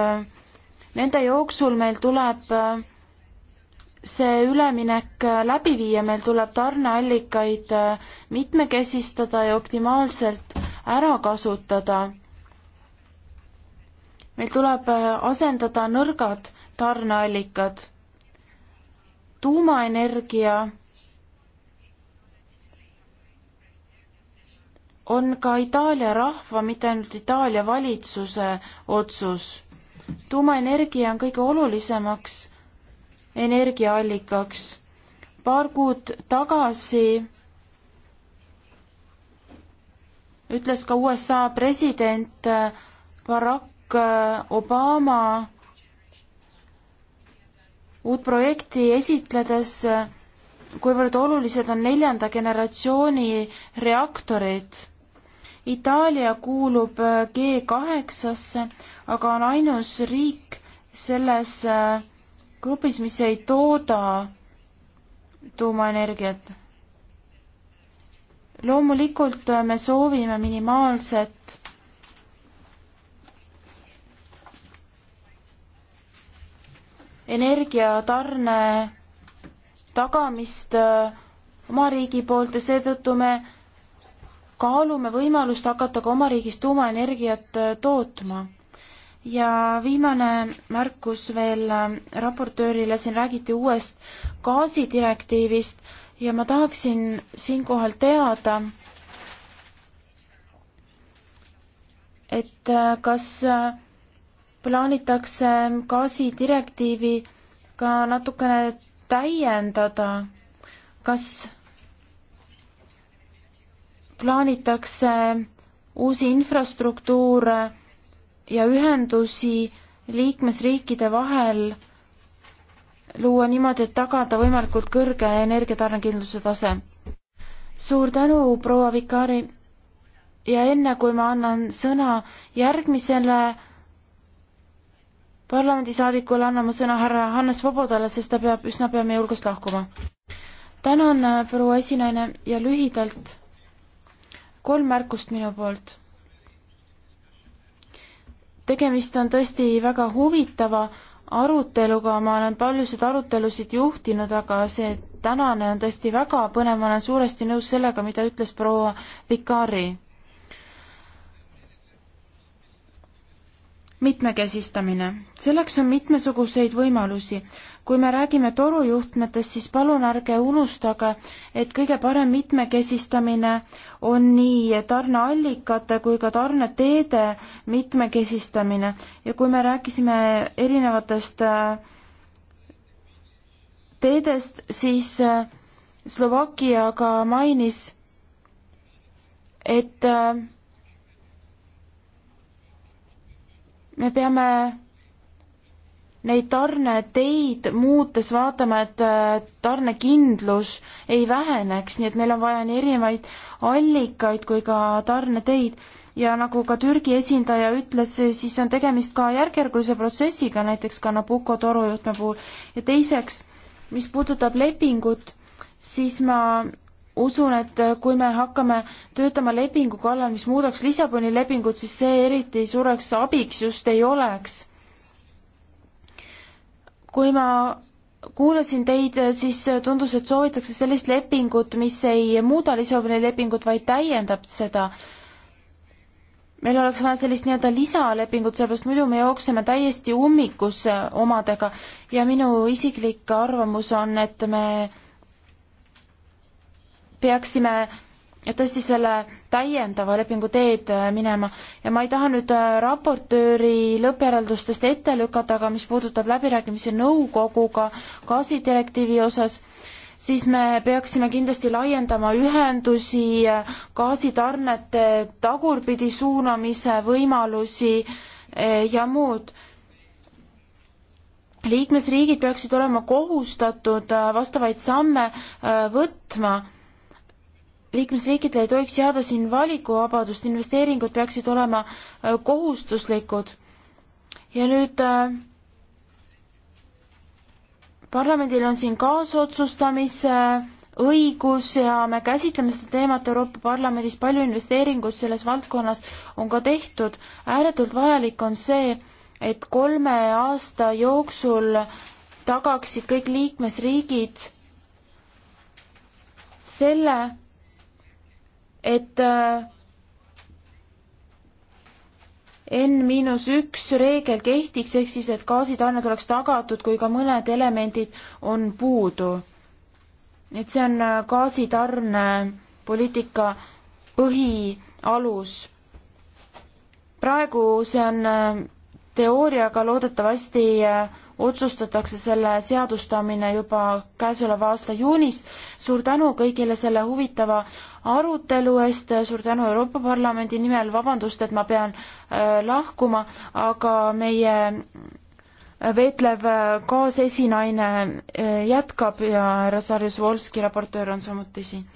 nende jooksul meil tuleb see üleminek läbi viia, meil tuleb tarneallikaid äh, mitmekesistada ja optimaalselt ära kasutada. meil tuleb äh, asendada nõrgad tarneallikad. tuumaenergia on ka Itaalia rahva, mitte ainult Itaalia valitsuse otsus. tuumaenergia on kõige olulisemaks energiaallikaks. paar kuud tagasi ütles ka USA president äh, Barack äh, Obama uut projekti esitledes, äh, kuivõrd olulised on neljanda generatsiooni reaktorid. Itaalia kuulub G kaheksasse, aga on ainus riik selles äh, grupis, mis ei tooda tuumaenergiat. loomulikult me soovime minimaalset energiatarne tagamist oma riigi poolt ja seetõttu me kaalume võimalust hakata ka oma riigis tuumaenergiat tootma ja viimane märkus veel äh, raportöörile, siin räägiti uuest gaasidirektiivist ja ma tahaksin siinkohal teada, et äh, kas äh, plaanitakse gaasidirektiivi ka natukene täiendada, kas plaanitakse uusi infrastruktuure ja ühendusi liikmesriikide vahel luua niimoodi, et tagada võimalikult kõrge energiatarnekindluse tase. suur tänu, proua Vikari. ja enne kui ma annan sõna järgmisele parlamendisaadikule, annan ma sõna härra Hannes Vabodale, sest ta peab üsna pea meie hulgast lahkuma. tänan, äh, proua esinaine ja lühidalt kolm märkust minu poolt tegemist on tõesti väga huvitava aruteluga, ma olen paljusid arutelusid juhtinud, aga see tänane on tõesti väga põnev, ma olen suuresti nõus sellega, mida ütles proua Vikari. mitmekesistamine, selleks on mitmesuguseid võimalusi kui me räägime torujuhtmetest, siis palun ärge unustage, et kõige parem mitmekesistamine on nii tarneallikate kui ka tarneteede mitmekesistamine ja kui me rääkisime erinevatest äh, teedest, siis äh, Slovakkia ka mainis, et äh, me peame neid tarneteid muutes vaatama, et äh, tarnekindlus ei väheneks, nii et meil on vaja nii erinevaid allikaid kui ka tarneteid. ja nagu ka Türgi esindaja ütles, siis on tegemist ka järkjärgulise protsessiga, näiteks ka Nabucco torujuhtme puhul. ja teiseks, mis puudutab lepingut, siis ma usun, et äh, kui me hakkame töötama lepingu kallal, mis muudaks Lissaboni lepingut, siis see eriti suureks abiks just ei oleks kui ma kuulasin teid, siis tundus, et soovitakse sellist lepingut, mis ei muuda Lissaboni lepingut, vaid täiendab seda. meil oleks vaja sellist nii-öelda lisalepingut, sellepärast muidu me jookseme täiesti ummikusse omadega ja minu isiklik arvamus on, et me peaksime et tõesti selle täiendava lepingu teed äh, minema ja ma ei taha nüüd äh, raportööri lõppjäreldustest ette lükata, aga mis puudutab läbirääkimisi nõukoguga gaasidirektiivi osas, siis me peaksime kindlasti laiendama ühendusi, äh, gaasitarnete tagurpidi suunamise võimalusi ja muud liikmesriigid peaksid olema kohustatud vastavaid samme võtma liikmesriikidele ei tohiks jääda siin valikuvabadust, investeeringud peaksid olema äh, kohustuslikud. ja nüüd äh, parlamendil on siin kaasotsustamise äh, õigus ja me käsitleme seda teemat Euroopa Parlamendis, palju investeeringuid selles valdkonnas on ka tehtud. ääretult vajalik on see, et kolme aasta jooksul tagaksid kõik liikmesriigid selle, et äh, N-1 reegel kehtiks, ehk siis, et gaasitarned oleks tagatud, kui ka mõned elemendid on puudu. et see on äh, gaasitarnepoliitika põhialus. praegu see on äh, teooria, aga loodetavasti äh, otsustatakse selle seadustamine juba käesoleva aasta juunis. suur tänu kõigile selle huvitava arutelu eest, suur tänu Euroopa Parlamendi nimel, vabandust, et ma pean äh, lahkuma, aga meie äh, veetlev äh, kaasesinaine äh, jätkab ja härra Sarjus-Volski, raportöör, on samuti siin.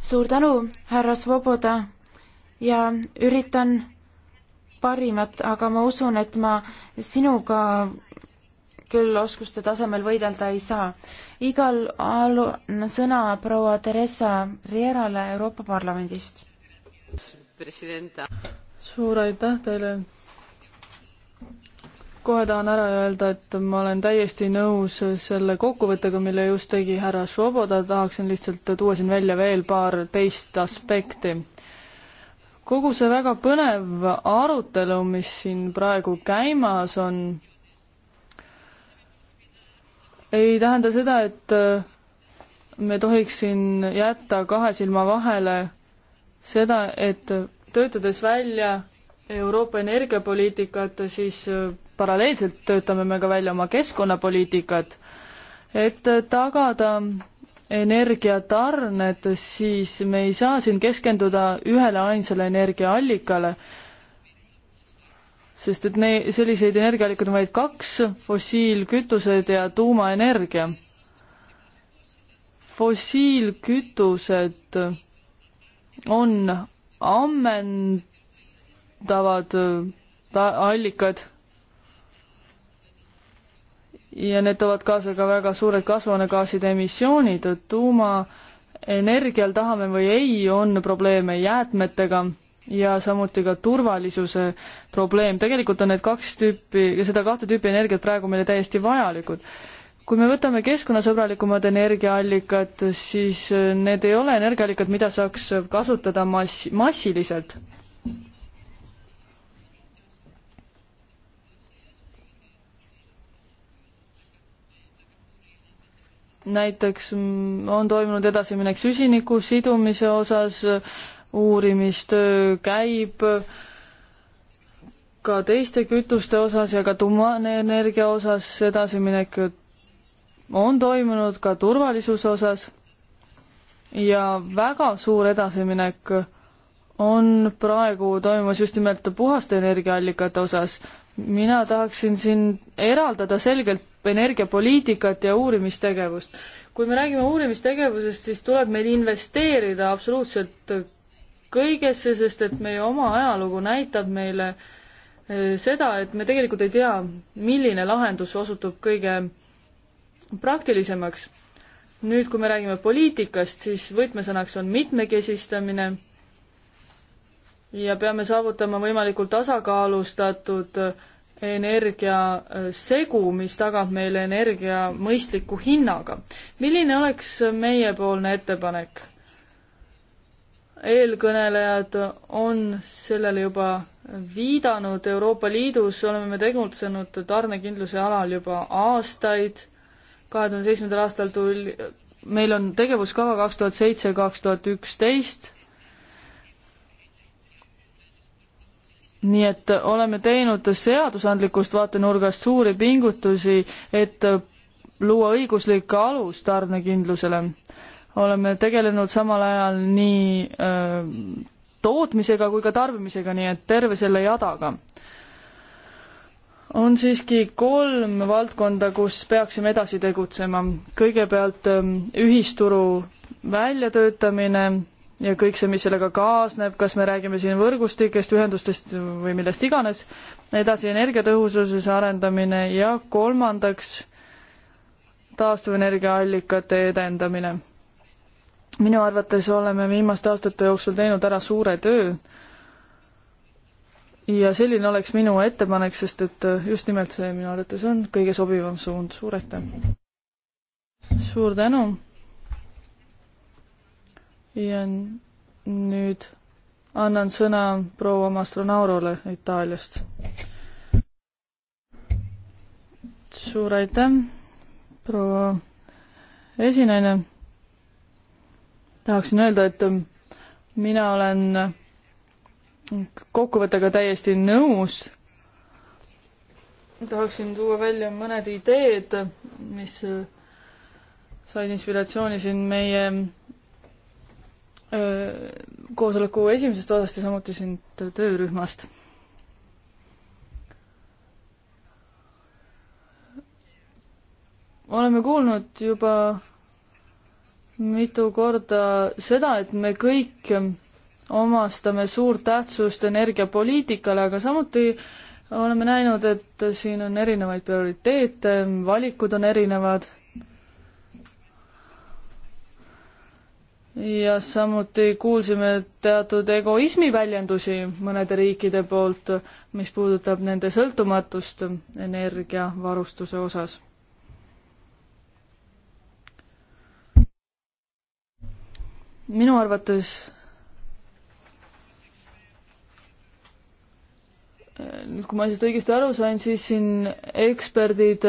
suur tänu, härra Svoboda ja üritan parimat, aga ma usun, et ma sinuga küll oskuste tasemel võidelda ei saa. igal alu-, sõna proua Theresa Rierale Euroopa Parlamendist. suur aitäh teile. kohe tahan ära öelda, et ma olen täiesti nõus selle kokkuvõttega, mille just tegi härra Svoboda, tahaksin lihtsalt tuua siin välja veel paar teist aspekti kogu see väga põnev arutelu, mis siin praegu käimas on, ei tähenda seda, et äh, me tohiks siin jätta kahe silma vahele seda, et töötades välja Euroopa energiapoliitikat, siis äh, paralleelselt töötame me ka välja oma keskkonnapoliitikat, et äh, tagada energiatarned, siis me ei saa siin keskenduda ühele ainsale energiaallikale, sest et ne-, selliseid energiaallikaid on vaid kaks, fossiilkütused ja tuumaenergia. fossiilkütused on ammendavad allikad ja need toovad kaasa ka väga suured kasvuhoonegaaside emissioonid, tuumaenergial tahame või ei, on probleeme jäätmetega ja samuti ka turvalisuse probleem, tegelikult on need kaks tüüpi, seda kahte tüüpi energiat praegu meile täiesti vajalikud. kui me võtame keskkonnasõbralikumad energiaallikad, siis need ei ole energiaallikad, mida saaks kasutada mass, massiliselt näiteks on toimunud edasiminek süsiniku sidumise osas, uurimistöö käib ka teiste kütuste osas ja ka tuumaenergia osas edasiminek on toimunud ka turvalisuse osas ja väga suur edasiminek on praegu toimumas just nimelt puhaste energiaallikate osas. mina tahaksin siin eraldada selgelt energiapoliitikat ja uurimistegevust. kui me räägime uurimistegevusest, siis tuleb meil investeerida absoluutselt kõigesse, sest et meie oma ajalugu näitab meile eh, seda, et me tegelikult ei tea, milline lahendus osutub kõige praktilisemaks. nüüd, kui me räägime poliitikast, siis võtmesõnaks on mitmekesistamine ja peame saavutama võimalikult tasakaalustatud äh, energiasegu, äh, mis tagab meile energia mõistliku hinnaga. milline oleks meiepoolne ettepanek? eelkõnelejad on sellele juba viidanud, Euroopa Liidus oleme me tegutsenud tarnekindluse alal juba aastaid, kahe tuhande seitsmendal aastal tuli, meil on tegevuskava kaks tuhat seitse, kaks tuhat üksteist nii et oleme teinud seadusandlikust vaatenurgast suuri pingutusi, et luua õiguslik alus tarnekindlusele. oleme tegelenud samal ajal nii öö, äh, tootmisega kui ka tarbimisega, nii et terve selle jadaga. on siiski kolm valdkonda, kus peaksime edasi tegutsema. kõigepealt öö, ähm, ühisturu väljatöötamine ja kõik see, mis sellega kaasneb, kas me räägime siin võrgustikest, ühendustest või millest iganes, edasi energiatõhususe arendamine ja kolmandaks taastuvenergiaallikate edendamine. minu arvates oleme viimaste aastate jooksul teinud ära suure töö ja selline oleks minu ettepanek, sest et just nimelt see minu arvates on kõige sobivam suund, suur aitäh! suur tänu! ja nüüd annan sõna proua Mastronaurole Itaaliast. suur aitäh, proua esinaine. tahaksin öelda, et mina olen kokkuvõttega täiesti nõus. tahaksin tuua välja mõned ideed, mis said inspiratsiooni siin meie koosoleku esimesest osast ja samuti sind töörühmast. oleme kuulnud juba mitu korda seda, et me kõik omastame suurt tähtsust energiapoliitikale, aga samuti oleme näinud, et siin on erinevaid prioriteete, valikud on erinevad ja samuti kuulsime teatud egoismi väljendusi mõnede riikide poolt, mis puudutab nende sõltumatust energiavarustuse osas. minu arvates nüüd, kui ma asjast õigesti aru sain, siis siin eksperdid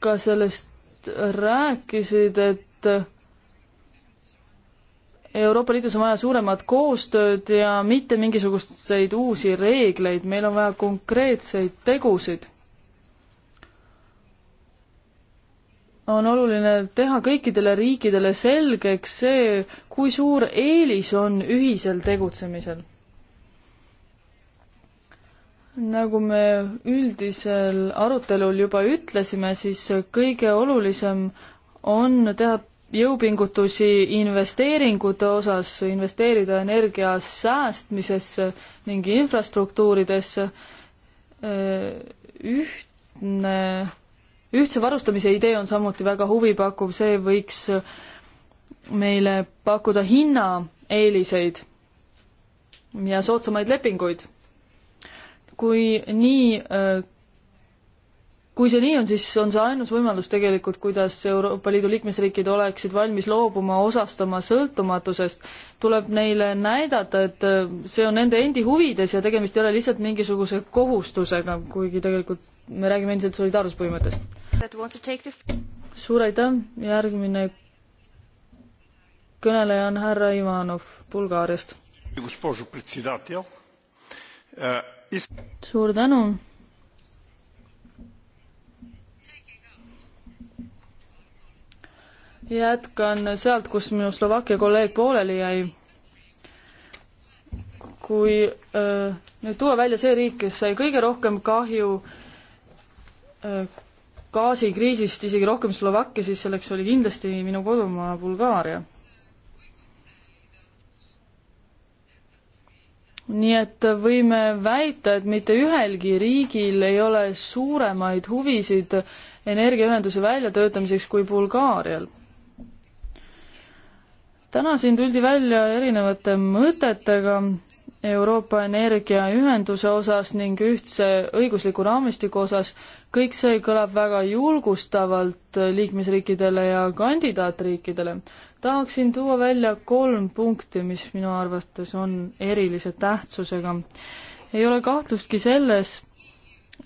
ka sellest just rääkisid, et Euroopa Liidus on vaja suuremat koostööd ja mitte mingisuguseid uusi reegleid, meil on vaja konkreetseid tegusid. on oluline teha kõikidele riikidele selgeks see, kui suur eelis on ühisel tegutsemisel nagu me üldisel arutelul juba ütlesime, siis kõige olulisem on teha jõupingutusi investeeringute osas, investeerida energia säästmisesse ning infrastruktuuridesse. ühtne, ühtse varustamise idee on samuti väga huvipakkuv, see võiks meile pakkuda hinnaeeliseid ja soodsamaid lepinguid kui nii, kui see nii on, siis on see ainus võimalus tegelikult, kuidas Euroopa Liidu liikmesriigid oleksid valmis loobuma osast oma sõltumatusest. tuleb neile näidata, et see on nende endi huvides ja tegemist ei ole lihtsalt mingisuguse kohustusega, kuigi tegelikult me räägime endiselt solidaarsuspõhimõttest. suur aitäh, järgmine kõneleja on härra Ivanov Bulgaariast suur tänu. jätkan sealt, kus minu Slovakkia kolleeg pooleli jäi. kui öö, äh, nüüd tuua välja see riik, kes sai kõige rohkem kahju öö, äh, gaasikriisist, isegi rohkem Slovakkia, siis selleks oli kindlasti minu kodumaa Bulgaaria nii et võime väita, et mitte ühelgi riigil ei ole suuremaid huvisid energiaühenduse väljatöötamiseks kui Bulgaarial. täna siin tuldi välja erinevate mõtetega Euroopa energiaühenduse osas ning ühtse õigusliku raamistiku osas. kõik see kõlab väga julgustavalt liikmesriikidele ja kandidaatriikidele tahaksin tuua välja kolm punkti, mis minu arvates on erilise tähtsusega. ei ole kahtlustki selles,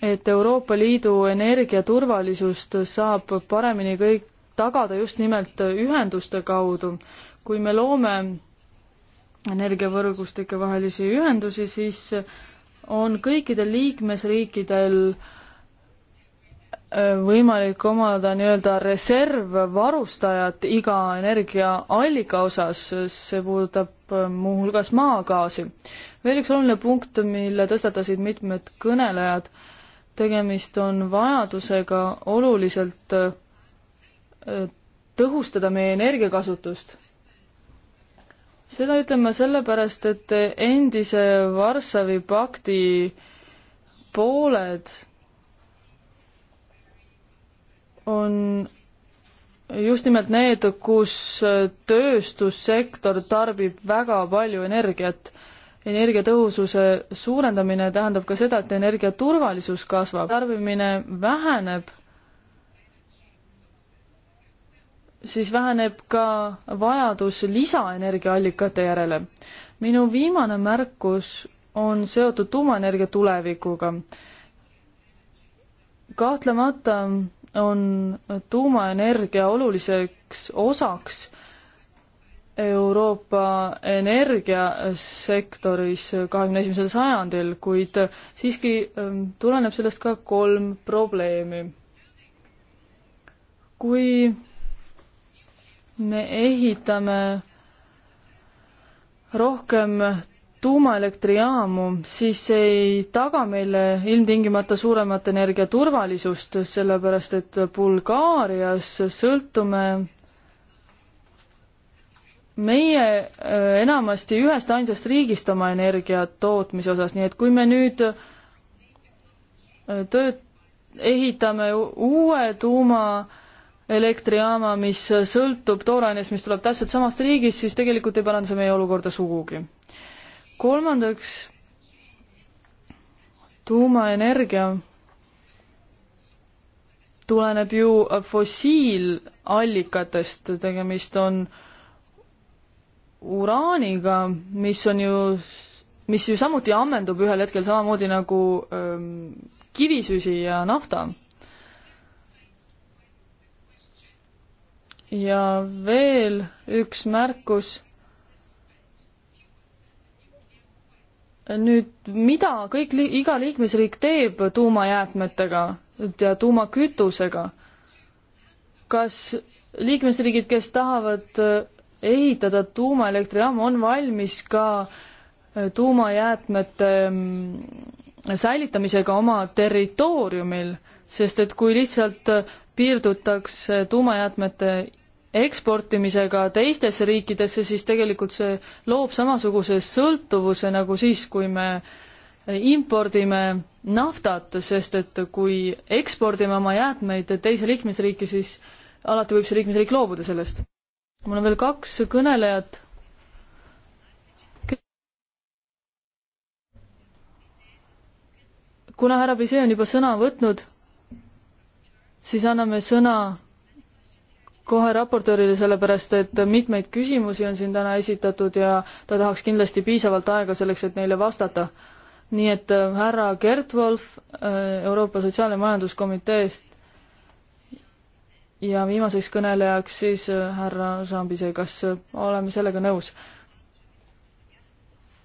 et Euroopa Liidu energiaturvalisust saab paremini kõik tagada just nimelt ühenduste kaudu. kui me loome energiavõrgustike vahelisi ühendusi, siis on kõikidel liikmesriikidel äh, võimalik omada nii-öelda reservvarustajat iga energiaallika osas, see puudutab äh, muuhulgas maagaasi. veel üks oluline punkt, mille tõstatasid mitmed kõnelejad, tegemist on vajadusega oluliselt äh, tõhustada meie energiakasutust. seda ütlen ma sellepärast, et endise Varssavi pakti pooled on just nimelt need, kus tööstussektor tarbib väga palju energiat. energiatõhususe suurendamine tähendab ka seda, et energiaturvalisus kasvab, tarbimine väheneb, siis väheneb ka vajadus lisaenergiaallikate järele. minu viimane märkus on seotud tuumaenergia tulevikuga. kahtlemata on tuumaenergia oluliseks osaks Euroopa energiasektoris kahekümne esimesel sajandil, kuid siiski ähm, tuleneb sellest ka kolm probleemi. kui me ehitame rohkem tuumaelektrijaamu, siis see ei taga meile ilmtingimata suuremat energiaturvalisust, sellepärast et Bulgaarias sõltume meie äh, enamasti ühest ainsast riigist oma energia tootmise osas, nii et kui me nüüd äh, tööt-, ehitame uue tuumaelektrijaama, mis sõltub toorainest, mis tuleb täpselt samast riigist, siis tegelikult ei paranda see meie olukorda sugugi kolmandaks, tuumaenergia tuleneb ju fossiilallikatest, tegemist on uraaniga, mis on ju, mis ju samuti ammendub ühel hetkel samamoodi nagu ähm, kivisüsi ja nafta. ja veel üks märkus nüüd, mida kõik, iga liikmesriik teeb tuumajäätmetega ja tuumakütusega? kas liikmesriigid, kes tahavad äh, ehitada tuumaelektrijaamu, on valmis ka äh, tuumajäätmete mm, säilitamisega oma territooriumil, sest et kui lihtsalt äh, piirdutakse tuumajäätmete eksportimisega teistesse riikidesse, siis tegelikult see loob samasuguse sõltuvuse nagu siis, kui me impordime naftat, sest et kui ekspordime oma jäätmeid teise liikmesriiki, siis alati võib see liikmesriik loobuda sellest. mul on veel kaks kõnelejat. kuna härra Pise on juba sõna võtnud, siis anname sõna kohe raportöörile, sellepärast et mitmeid küsimusi on siin täna esitatud ja ta tahaks kindlasti piisavalt aega selleks, et neile vastata. nii et äh, härra Gert Wolf äh, Euroopa Sotsiaal- ja Majanduskomiteest ja viimaseks kõnelejaks siis äh, härra Žambise, kas oleme sellega nõus?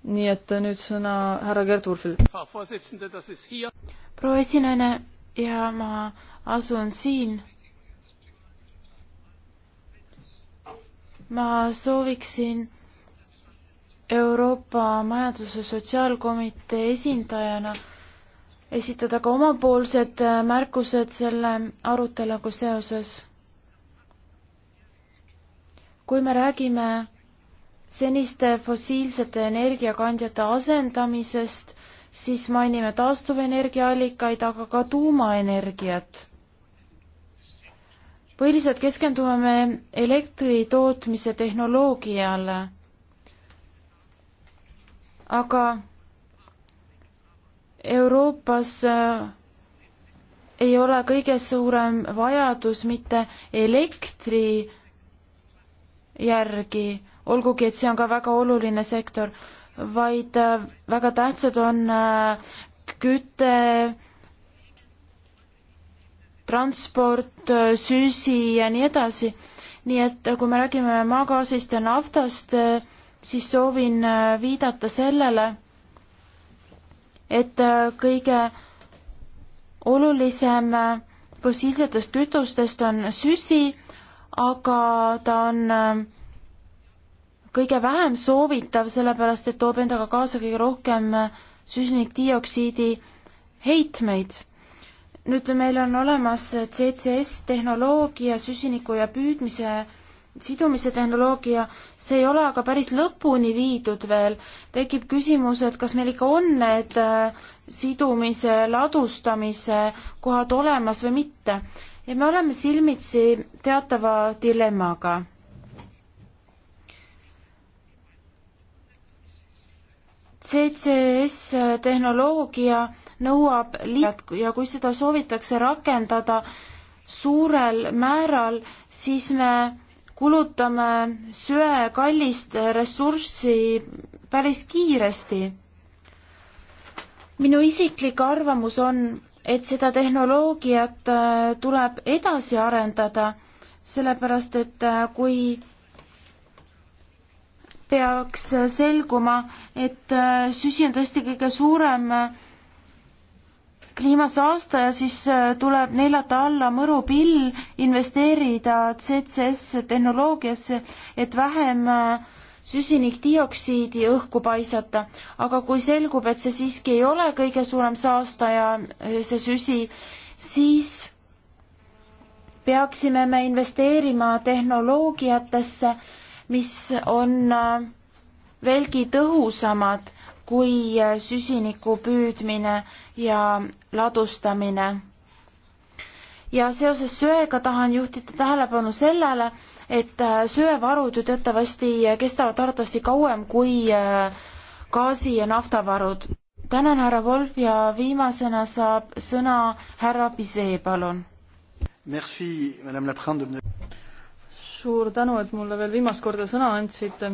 nii et nüüd sõna härra Gert Wurfil. proua esinaine ja ma asun siin ma sooviksin Euroopa Majanduse Sotsiaalkomitee esindajana esitada ka omapoolsed äh, märkused selle aruteluga seoses. kui me räägime seniste fossiilsete energiakandjate asendamisest, siis mainime taastuvenergiaallikaid, aga ka tuumaenergiat põhiliselt keskendume me elektri tootmise tehnoloogiale, aga Euroopas äh, ei ole kõige suurem vajadus mitte elektri järgi, olgugi et see on ka väga oluline sektor, vaid äh, väga tähtsad on äh, küte, transport, süsi ja nii edasi. nii et äh, kui me räägime maagaasist ja naftast, äh, siis soovin äh, viidata sellele, et kõige olulisem fossiilsetest kütustest on süsi, aga ta on kõige vähem soovitav, sellepärast et toob endaga kaasa kõige rohkem süsinikdioksiidi heitmeid nüüd meil on olemas CCS tehnoloogia, süsiniku ja püüdmise sidumise tehnoloogia, see ei ole aga päris lõpuni viidud veel. tekib küsimus, et kas meil ikka on need äh, sidumise, ladustamise kohad olemas või mitte. ja me oleme silmitsi teatava dilemmaga. CCS-tehnoloogia nõuab liidet ja kui seda soovitakse rakendada suurel määral, siis me kulutame söe kallist ressurssi päris kiiresti. minu isiklik arvamus on, et seda tehnoloogiat äh, tuleb edasi arendada, sellepärast et äh, kui peaks selguma, et äh, süsi on tõesti kõige suurem äh, kliimasaaste ja siis äh, tuleb neelata alla mõrupill, investeerida CCS tehnoloogiasse, et vähem süsinikdioksiidi õhku paisata. aga kui selgub, et see siiski ei ole kõige suurem saastaja, see süsi, siis peaksime me investeerima tehnoloogiatesse mis on äh, veelgi tõhusamad kui äh, süsiniku püüdmine ja ladustamine. ja seoses söega tahan juhtida tähelepanu sellele, et äh, söevarud ju teatavasti kestavad arvatavasti kauem kui gaasi ja naftavarud. tänan, härra Wolf ja viimasena saab sõna härra Pise, palun. Merci, madame la présidente suur tänu, et mulle veel viimast korda sõna andsite.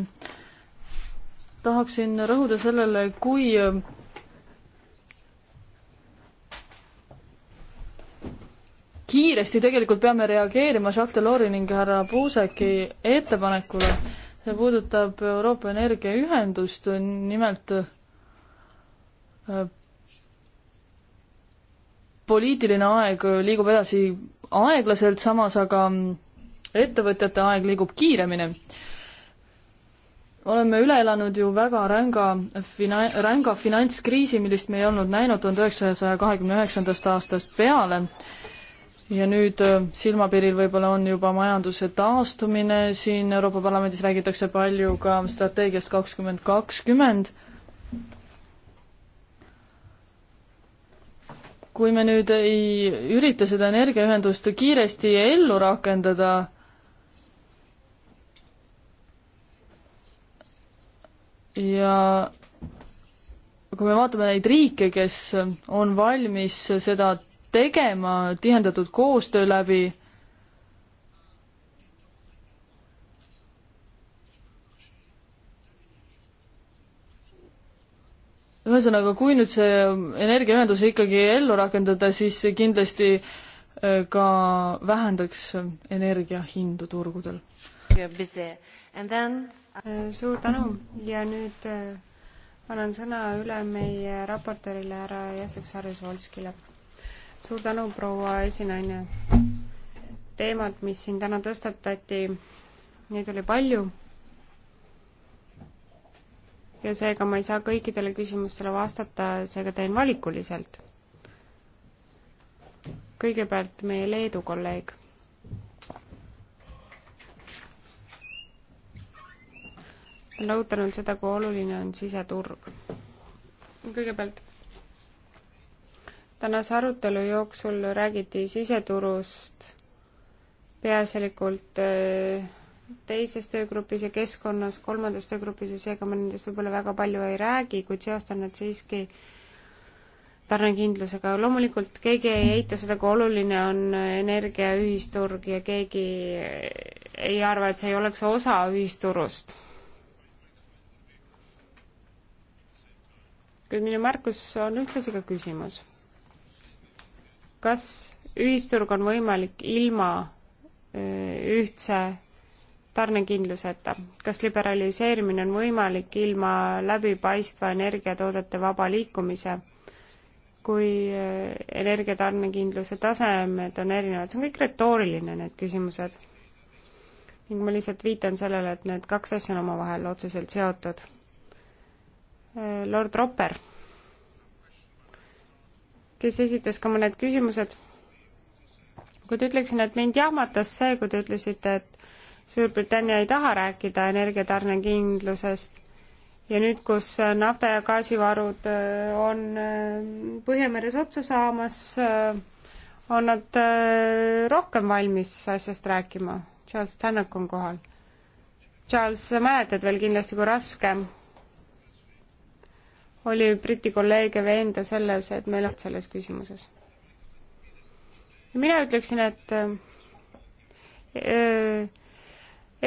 tahaksin rõhuda sellele, kui kiiresti tegelikult peame reageerima Jacques Delors'i ning härra Puuseki ettepanekule. see puudutab Euroopa Energiaühendust, nimelt äh, poliitiline aeg liigub edasi aeglaselt, samas aga mm, ettevõtjate aeg liigub kiiremini. oleme üle elanud ju väga ränga fina-, ränga finantskriisi, millist me ei olnud näinud tuhande üheksasaja kahekümne üheksandast aastast peale ja nüüd äh, silmapiiril võib-olla on juba majanduse taastumine, siin Euroopa Parlamendis räägitakse palju ka strateegiast kakskümmend kakskümmend. kui me nüüd ei ürita seda energiaühendust kiiresti ellu rakendada, ja kui me vaatame neid riike, kes on valmis seda tegema tihendatud koostöö läbi, ühesõnaga, kui nüüd see energiaühendus ikkagi ellu rakendada, siis kindlasti äh, ka vähendaks energia hindu turgudel. Then... Uh, suur tänu ja nüüd uh, annan sõna üle meie raportöörile härra Jacek Sarjus-Volskile. suur tänu, proua esinaine. teemad, mis siin täna tõstatati, neid oli palju. ja seega ma ei saa kõikidele küsimustele vastata, seega teen valikuliselt. kõigepealt meie Leedu kolleeg rõhutanud seda, kui oluline on siseturg. kõigepealt, tänase arutelu jooksul räägiti siseturust peaasjalikult äh, teises töögrupis ja keskkonnas, kolmandas töögrupis ja seega ma nendest võib-olla väga palju ei räägi, kuid seostan nad siiski tarnekindlusega. loomulikult keegi ei eita seda, kui oluline on energia ühisturg ja keegi ei arva, et see ei oleks osa ühisturust kuid minu märkus on ühtlasi ka küsimus. kas ühisturg on võimalik ilma ühtse tarnekindluseta, kas liberaliseerimine on võimalik ilma läbipaistva energiatoodete vaba liikumise, kui energiatarnekindluse tasemed on erinevad, see on kõik retooriline, need küsimused. ning ma lihtsalt viitan sellele, et need kaks asja on omavahel otseselt seotud Lord Roper, kes esitas ka mõned küsimused. kui te ütleksin, et mind jahmatas see, kui te ütlesite, et Suurbritannia ei taha rääkida energiatarnekindlusest ja nüüd, kus nafta ja gaasivarud äh, on äh, Põhjameres otsa saamas, äh, on nad rohkem valmis asjast rääkima. Charles Tannock on kohal. Charles, sa mäletad veel kindlasti, kui raske oli Briti kolleege veenda selles, et meil on selles küsimuses. mina ütleksin, et öö, äh,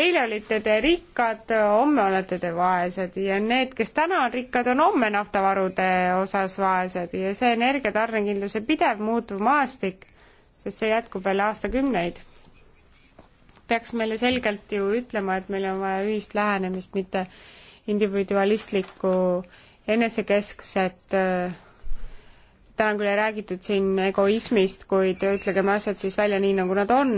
eile olite te rikkad, homme olete te vaesed ja need, kes täna on rikkad, on homme naftavarude osas vaesed ja see energiatarnekindluse pidev muutuv maastik, sest see jätkub veel aastakümneid, peaks meile selgelt ju ütlema, et meil on vaja ühist lähenemist, mitte individualistlikku enesekeskset äh, täna on küll räägitud siin egoismist, kuid ütlegem asjad siis välja nii, nagu nad on.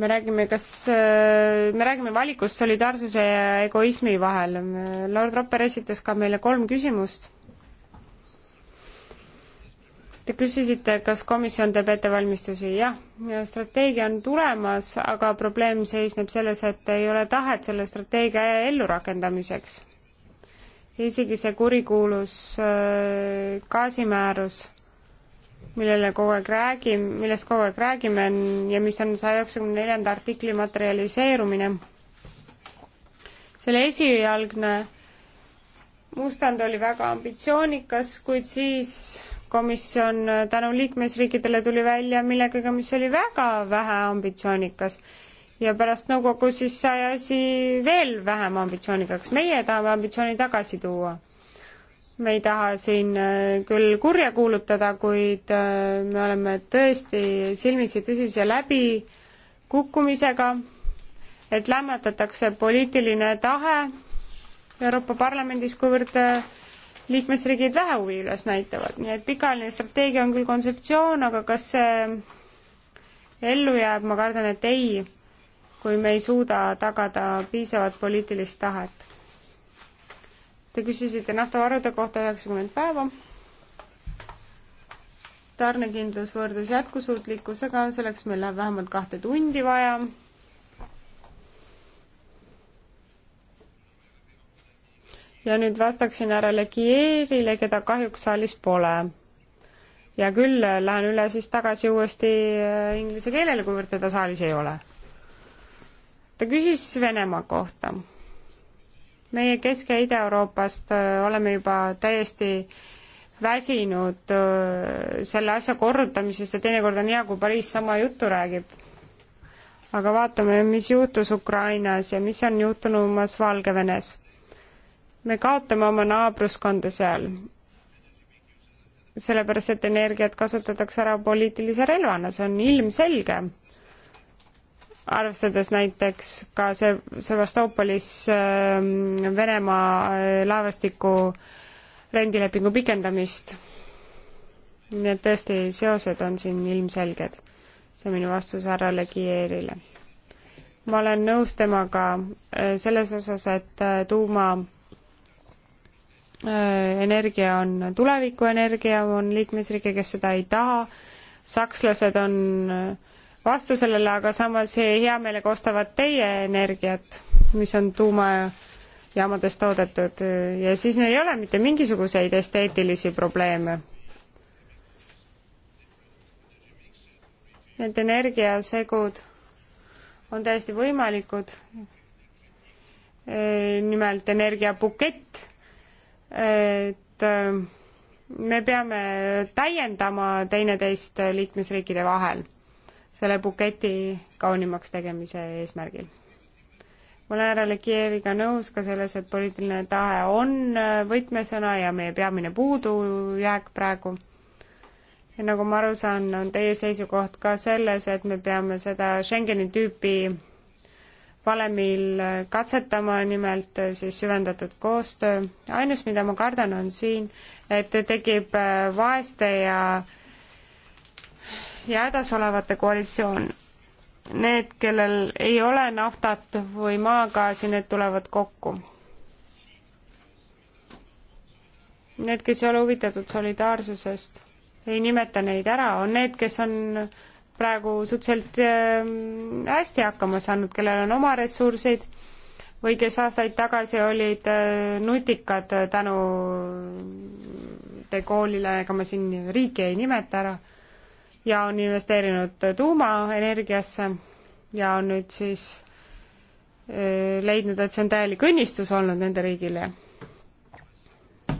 me räägime, kas, äh, me räägime valikust solidaarsuse ja egoismi vahel. Lord Ropper esitas ka meile kolm küsimust. Te küsisite, kas komisjon teeb ettevalmistusi. jah, strateegia on tulemas, aga probleem seisneb selles, et ei ole tahet selle strateegia ellurakendamiseks isegi see kurikuulus äh, gaasimäärus, millele kogu aeg räägime, millest kogu aeg räägime ja mis on saja üheksakümne neljanda artikli materialiseerumine. selle esialgne mustand oli väga ambitsioonikas, kuid siis komisjon tänu liikmesriikidele tuli välja millegagi, mis oli väga vähe ambitsioonikas ja pärast nõukogu siis sai asi veel vähem ambitsioonikaks. meie tahame ambitsiooni tagasi tuua. me ei taha siin äh, küll kurja kuulutada, kuid äh, me oleme tõesti silmitsi tõsise läbikukkumisega, et lämmatatakse poliitiline tahe Euroopa Parlamendis, kuivõrd äh, liikmesriigid vähe huvi üles näitavad, nii et pikaajaline strateegia on küll kontseptsioon, aga kas see ellu jääb, ma kardan, et ei kui me ei suuda tagada piisavat poliitilist tahet. Te küsisite naftavarude kohta üheksakümmend päeva. tarnekindlus võrdlus jätkusuutlikkusega, selleks meil läheb vähemalt kahte tundi vaja ja nüüd vastaksin härra Legierile, keda kahjuks saalis pole. hea küll, lähen üle siis tagasi uuesti inglise keelele, kuivõrd teda saalis ei ole ta küsis Venemaa kohta. meie Kesk- ja Ida-Euroopast oleme juba täiesti väsinud selle asja korrutamisest ja teinekord on hea, kui Pariis sama juttu räägib. aga vaatame, mis juhtus Ukrainas ja mis on juhtunumas Valgevenes. me kaotame oma naabruskonda seal, sellepärast et energiat kasutatakse ära poliitilise relvana, see on ilmselge arvestades näiteks ka see Sevastopolis ähm, Venemaa äh, laevastiku rendilepingu pikendamist. nii et tõesti, seosed on siin ilmselged. see on minu vastus härra Legierile. ma olen nõus temaga äh, selles osas, et äh, tuuma energia on tulevikuenergia, on liikmesriike, kes seda ei taha, sakslased on äh, vastu sellele, aga samas hea meelega ostavad teie energiat, mis on tuumajaamades toodetud ja siis neil ei ole mitte mingisuguseid esteetilisi probleeme. Need energiasegud on täiesti võimalikud. nimelt energiabukett, et äh, me peame täiendama teineteist liikmesriikide vahel selle buketi kaunimaks tegemise eesmärgil. ma olen härra Lekijeviga nõus ka selles, et poliitiline tahe on äh, võtmesõna ja meie peamine puudujääk praegu. ja nagu ma aru saan, on teie seisukoht ka selles, et me peame seda Schengeni tüüpi valemil äh, katsetama, nimelt äh, siis süvendatud koostöö. ainus, mida ma kardan, on siin, et tekib vaeste ja äh, ja hädasolevate koalitsioon. Need, kellel ei ole naftat või maagaasi, need tulevad kokku. Need, kes ei ole huvitatud solidaarsusest, ei nimeta neid ära, on need, kes on praegu suhteliselt äh, hästi hakkama saanud, kellel on oma ressursid või kes aastaid tagasi olid äh, nutikad äh, tänu te koolile, ega ma siin riiki ei nimeta ära ja on investeerinud tuumaenergiasse ja on nüüd siis leidnud, et see on täielik õnnistus olnud nende riigile.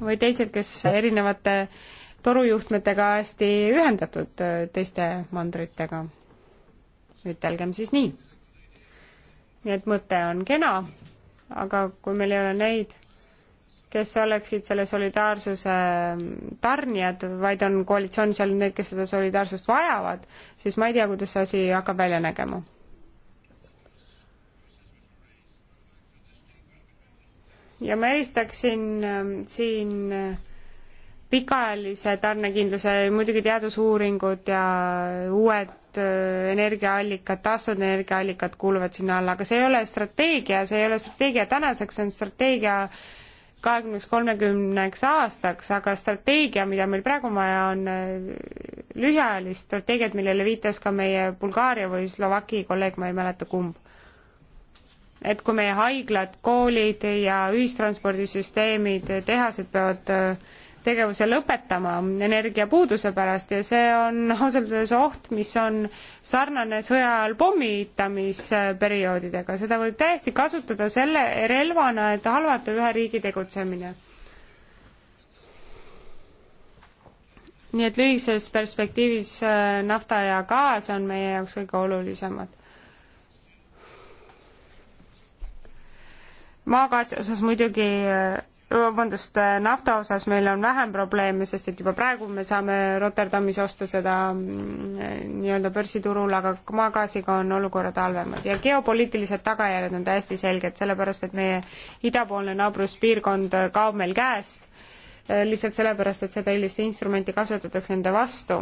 või teised, kes erinevate torujuhtmetega hästi ühendatud teiste mandritega. ütelgem siis nii. nii et mõte on kena, aga kui meil ei ole neid kes oleksid selle solidaarsuse ähm, tarnijad, vaid on koalitsioonis seal need, kes seda solidaarsust vajavad, siis ma ei tea, kuidas see asi hakkab välja nägema. ja ma eristaksin ähm, siin äh, pikaajalise tarnekindluse, muidugi teadusuuringud ja äh, uued äh, energiaallikad, taastuvenergiaallikad kuuluvad sinna alla, aga see ei ole strateegia, see ei ole strateegia tänaseks, see on strateegia äh, kahekümneks, kolmekümneks aastaks, aga strateegia, mida meil praegu vaja on, lühiajalist strateegiat, millele viitas ka meie Bulgaaria või Slovaki kolleeg, ma ei mäleta kumb. et kui meie haiglad, koolid ja ühistranspordisüsteemid, tehased peavad äh, tegevuse lõpetama energiapuuduse pärast ja see on ausalt öeldes oht, mis on sarnane sõja ajal pommitamisperioodidega, seda võib täiesti kasutada selle relvana, et halvata ühe riigi tegutsemine. nii et lühikeses perspektiivis äh, nafta ja gaas on meie jaoks kõige olulisemad. maagaasi osas muidugi äh, vabandust, nafta osas meil on vähem probleeme, sest et juba praegu me saame Rotterdamis osta seda mm, nii-öelda börsiturul, aga maagaasiga on olukorrad halvemad ja geopoliitilised tagajärjed on täiesti selged, sellepärast et meie idapoolne naabruspiirkond kaob meil käest eh, lihtsalt sellepärast, et seda hilist instrumenti kasutatakse nende vastu.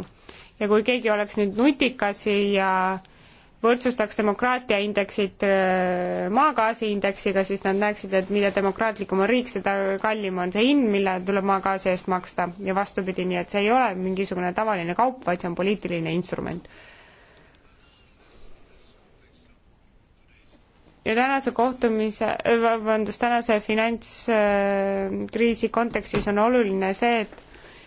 ja kui keegi oleks nüüd nutikas ja äh, võrdsustaks demokraatia indeksit äh, maagaasi indeksiga, siis nad näeksid, et mida demokraatlikum on riik, seda kallim on see hind, mille tuleb maagaasi eest maksta ja vastupidi, nii et see ei ole mingisugune tavaline kaup, vaid see on poliitiline instrument. ja tänase kohtumise, äh, vabandust, tänase finantskriisi kontekstis on oluline see, et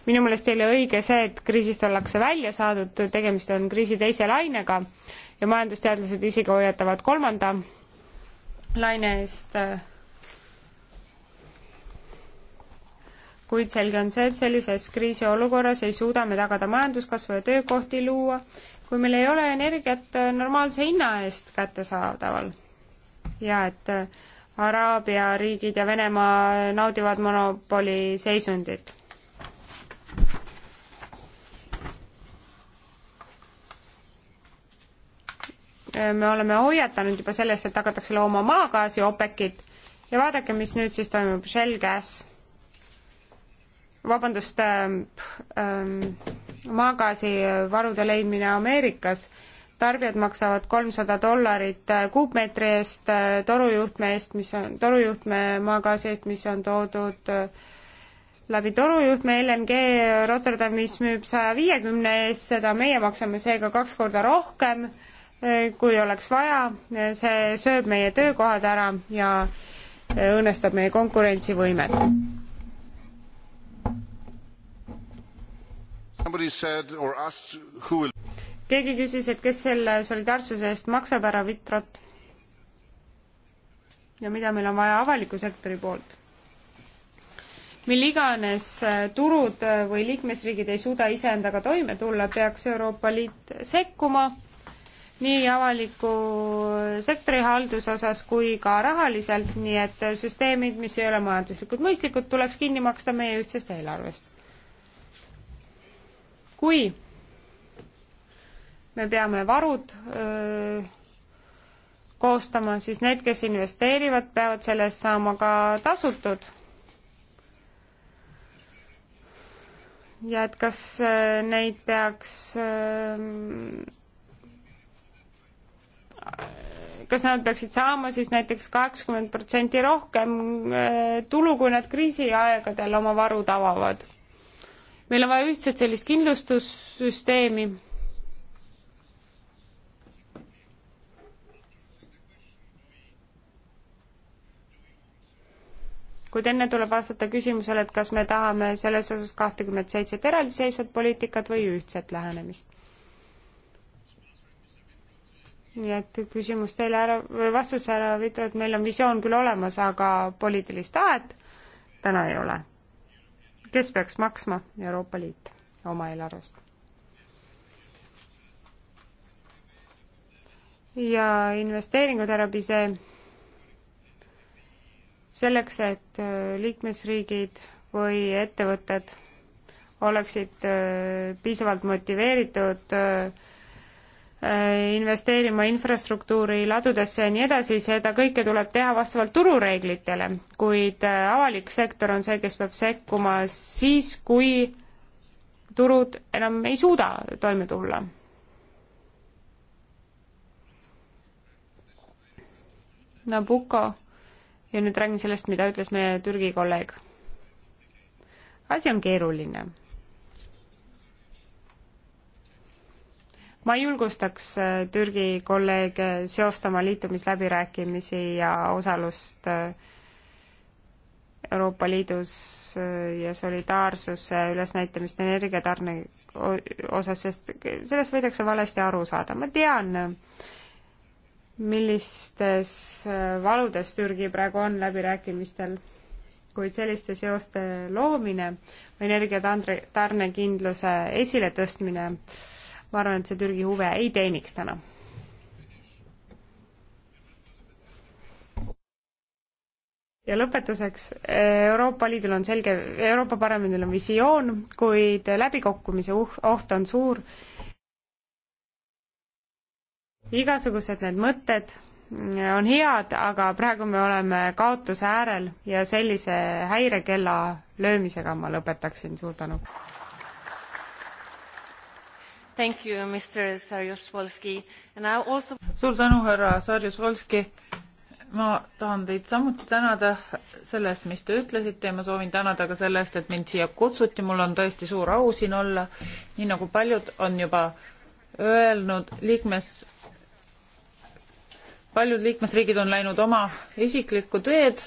minu meelest ei ole õige see, et kriisist ollakse välja saadud, tegemist on kriisi teise lainega ja majandusteadlased isegi hoiatavad kolmanda laine eest. kuid selge on see, et sellises kriisiolukorras ei suuda me tagada majanduskasvu ja töökohti luua, kui meil ei ole energiat normaalse hinna eest kättesaadaval. ja et Araabia riigid ja Venemaa naudivad monopoli seisundit Äh, me oleme hoiatanud juba sellest, et hakatakse looma maagaasi OPEC-it ja vaadake, mis nüüd siis toimub, Shell Gas, vabandust ähm,, ähm maagaasivarude leidmine Ameerikas, tarbijad maksavad kolmsada dollarit äh, kuupmeetri eest, äh, torujuhtme eest, mis on, torujuhtme maagaasi eest, mis on toodud äh, läbi torujuhtme LNG Rotterdamis müüb saja viiekümne eest, seda meie maksame seega kaks korda rohkem kui oleks vaja, see sööb meie töökohad ära ja õõnestab meie konkurentsivõimet. keegi küsis, et kes selle solidaarsuse eest maksab ära vitrot ja mida meil on vaja avaliku sektori poolt. mil iganes äh, turud äh, või liikmesriigid ei suuda iseendaga toime tulla, peaks Euroopa Liit sekkuma nii avaliku sektori halduse osas kui ka rahaliselt, nii et süsteemid, mis ei ole majanduslikult mõistlikud, tuleks kinni maksta meie ühtsest eelarvest. kui me peame varud öö, koostama, siis need, kes investeerivad, peavad selle eest saama ka tasutud. ja et kas neid peaks öö, kas nad peaksid saama siis näiteks kaheksakümmend protsenti rohkem äh, tulu, kui nad kriisiaegadel oma varud avavad. meil on vaja ühtset sellist kindlustussüsteemi. kuid enne tuleb vastata küsimusele, et kas me tahame selles osas kahtekümmet seitset eraldiseisvat poliitikat või ühtset lähenemist nii et küsimus teile ära, või vastus härra Vitro, et meil on visioon küll olemas, aga poliitilist tahet täna ei ole. kes peaks maksma? Euroopa Liit oma eelarvest. ja investeeringud, härra Pise, selleks, et äh, liikmesriigid või ettevõtted oleksid äh, piisavalt motiveeritud äh, Äh, investeerima infrastruktuuri, ladudesse ja nii edasi, seda kõike tuleb teha vastavalt turureeglitele, kuid äh, avalik sektor on see, kes peab sekkuma siis, kui turud enam ei suuda toime tulla. Nabucco ja nüüd räägin sellest, mida ütles meie Türgi kolleeg. asi on keeruline ma julgustaks äh, Türgi kolleege seostama liitumisläbirääkimisi ja osalust äh, Euroopa Liidus äh, ja solidaarsuse ülesnäitamist energiatarne osas, sest sellest võidakse valesti aru saada. ma tean, millistes valudes Türgi praegu on läbirääkimistel, kuid selliste seoste loomine, energiatarnekindluse esiletõstmine äh, ma arvan, et see Türgi huve ei teeniks täna. ja lõpetuseks, Euroopa Liidul on selge, Euroopa Parlamendil on visioon, kuid läbikokkumise uh-, oht on suur. igasugused need mõtted on head, aga praegu me oleme kaotuse äärel ja sellise häirekella löömisega ma lõpetaksin, suur tänu! You, also... suur tänu härra sarjusvolski ma tahan teid samuti tänada selle eest mis te ütlesite ja ma soovin tänada ka selle eest et mind siia kutsuti mul on tõesti suur au siin olla nii nagu paljud on juba öelnud liikmes paljud liikmesriigid on läinud oma isiklikku teed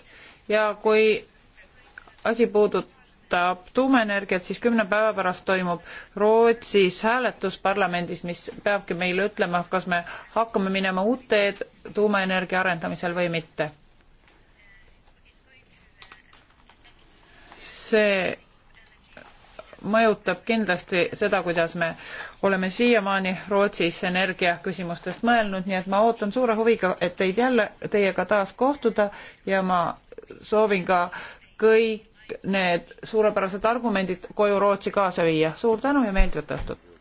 ja kui asi puudut- puudutab tuumaenergiat, siis kümne päeva pärast toimub Rootsis hääletus parlamendis, mis peabki meile ütlema, kas me hakkame minema uut teed tuumaenergia arendamisel või mitte. see mõjutab kindlasti seda, kuidas me oleme siiamaani Rootsis energiaküsimustest mõelnud, nii et ma ootan suure huviga, et teid jälle, teiega taas kohtuda ja ma soovin ka kõik need suurepärased argumendid koju Rootsi kaasa viia. suur tänu ja meeldivat õhtut!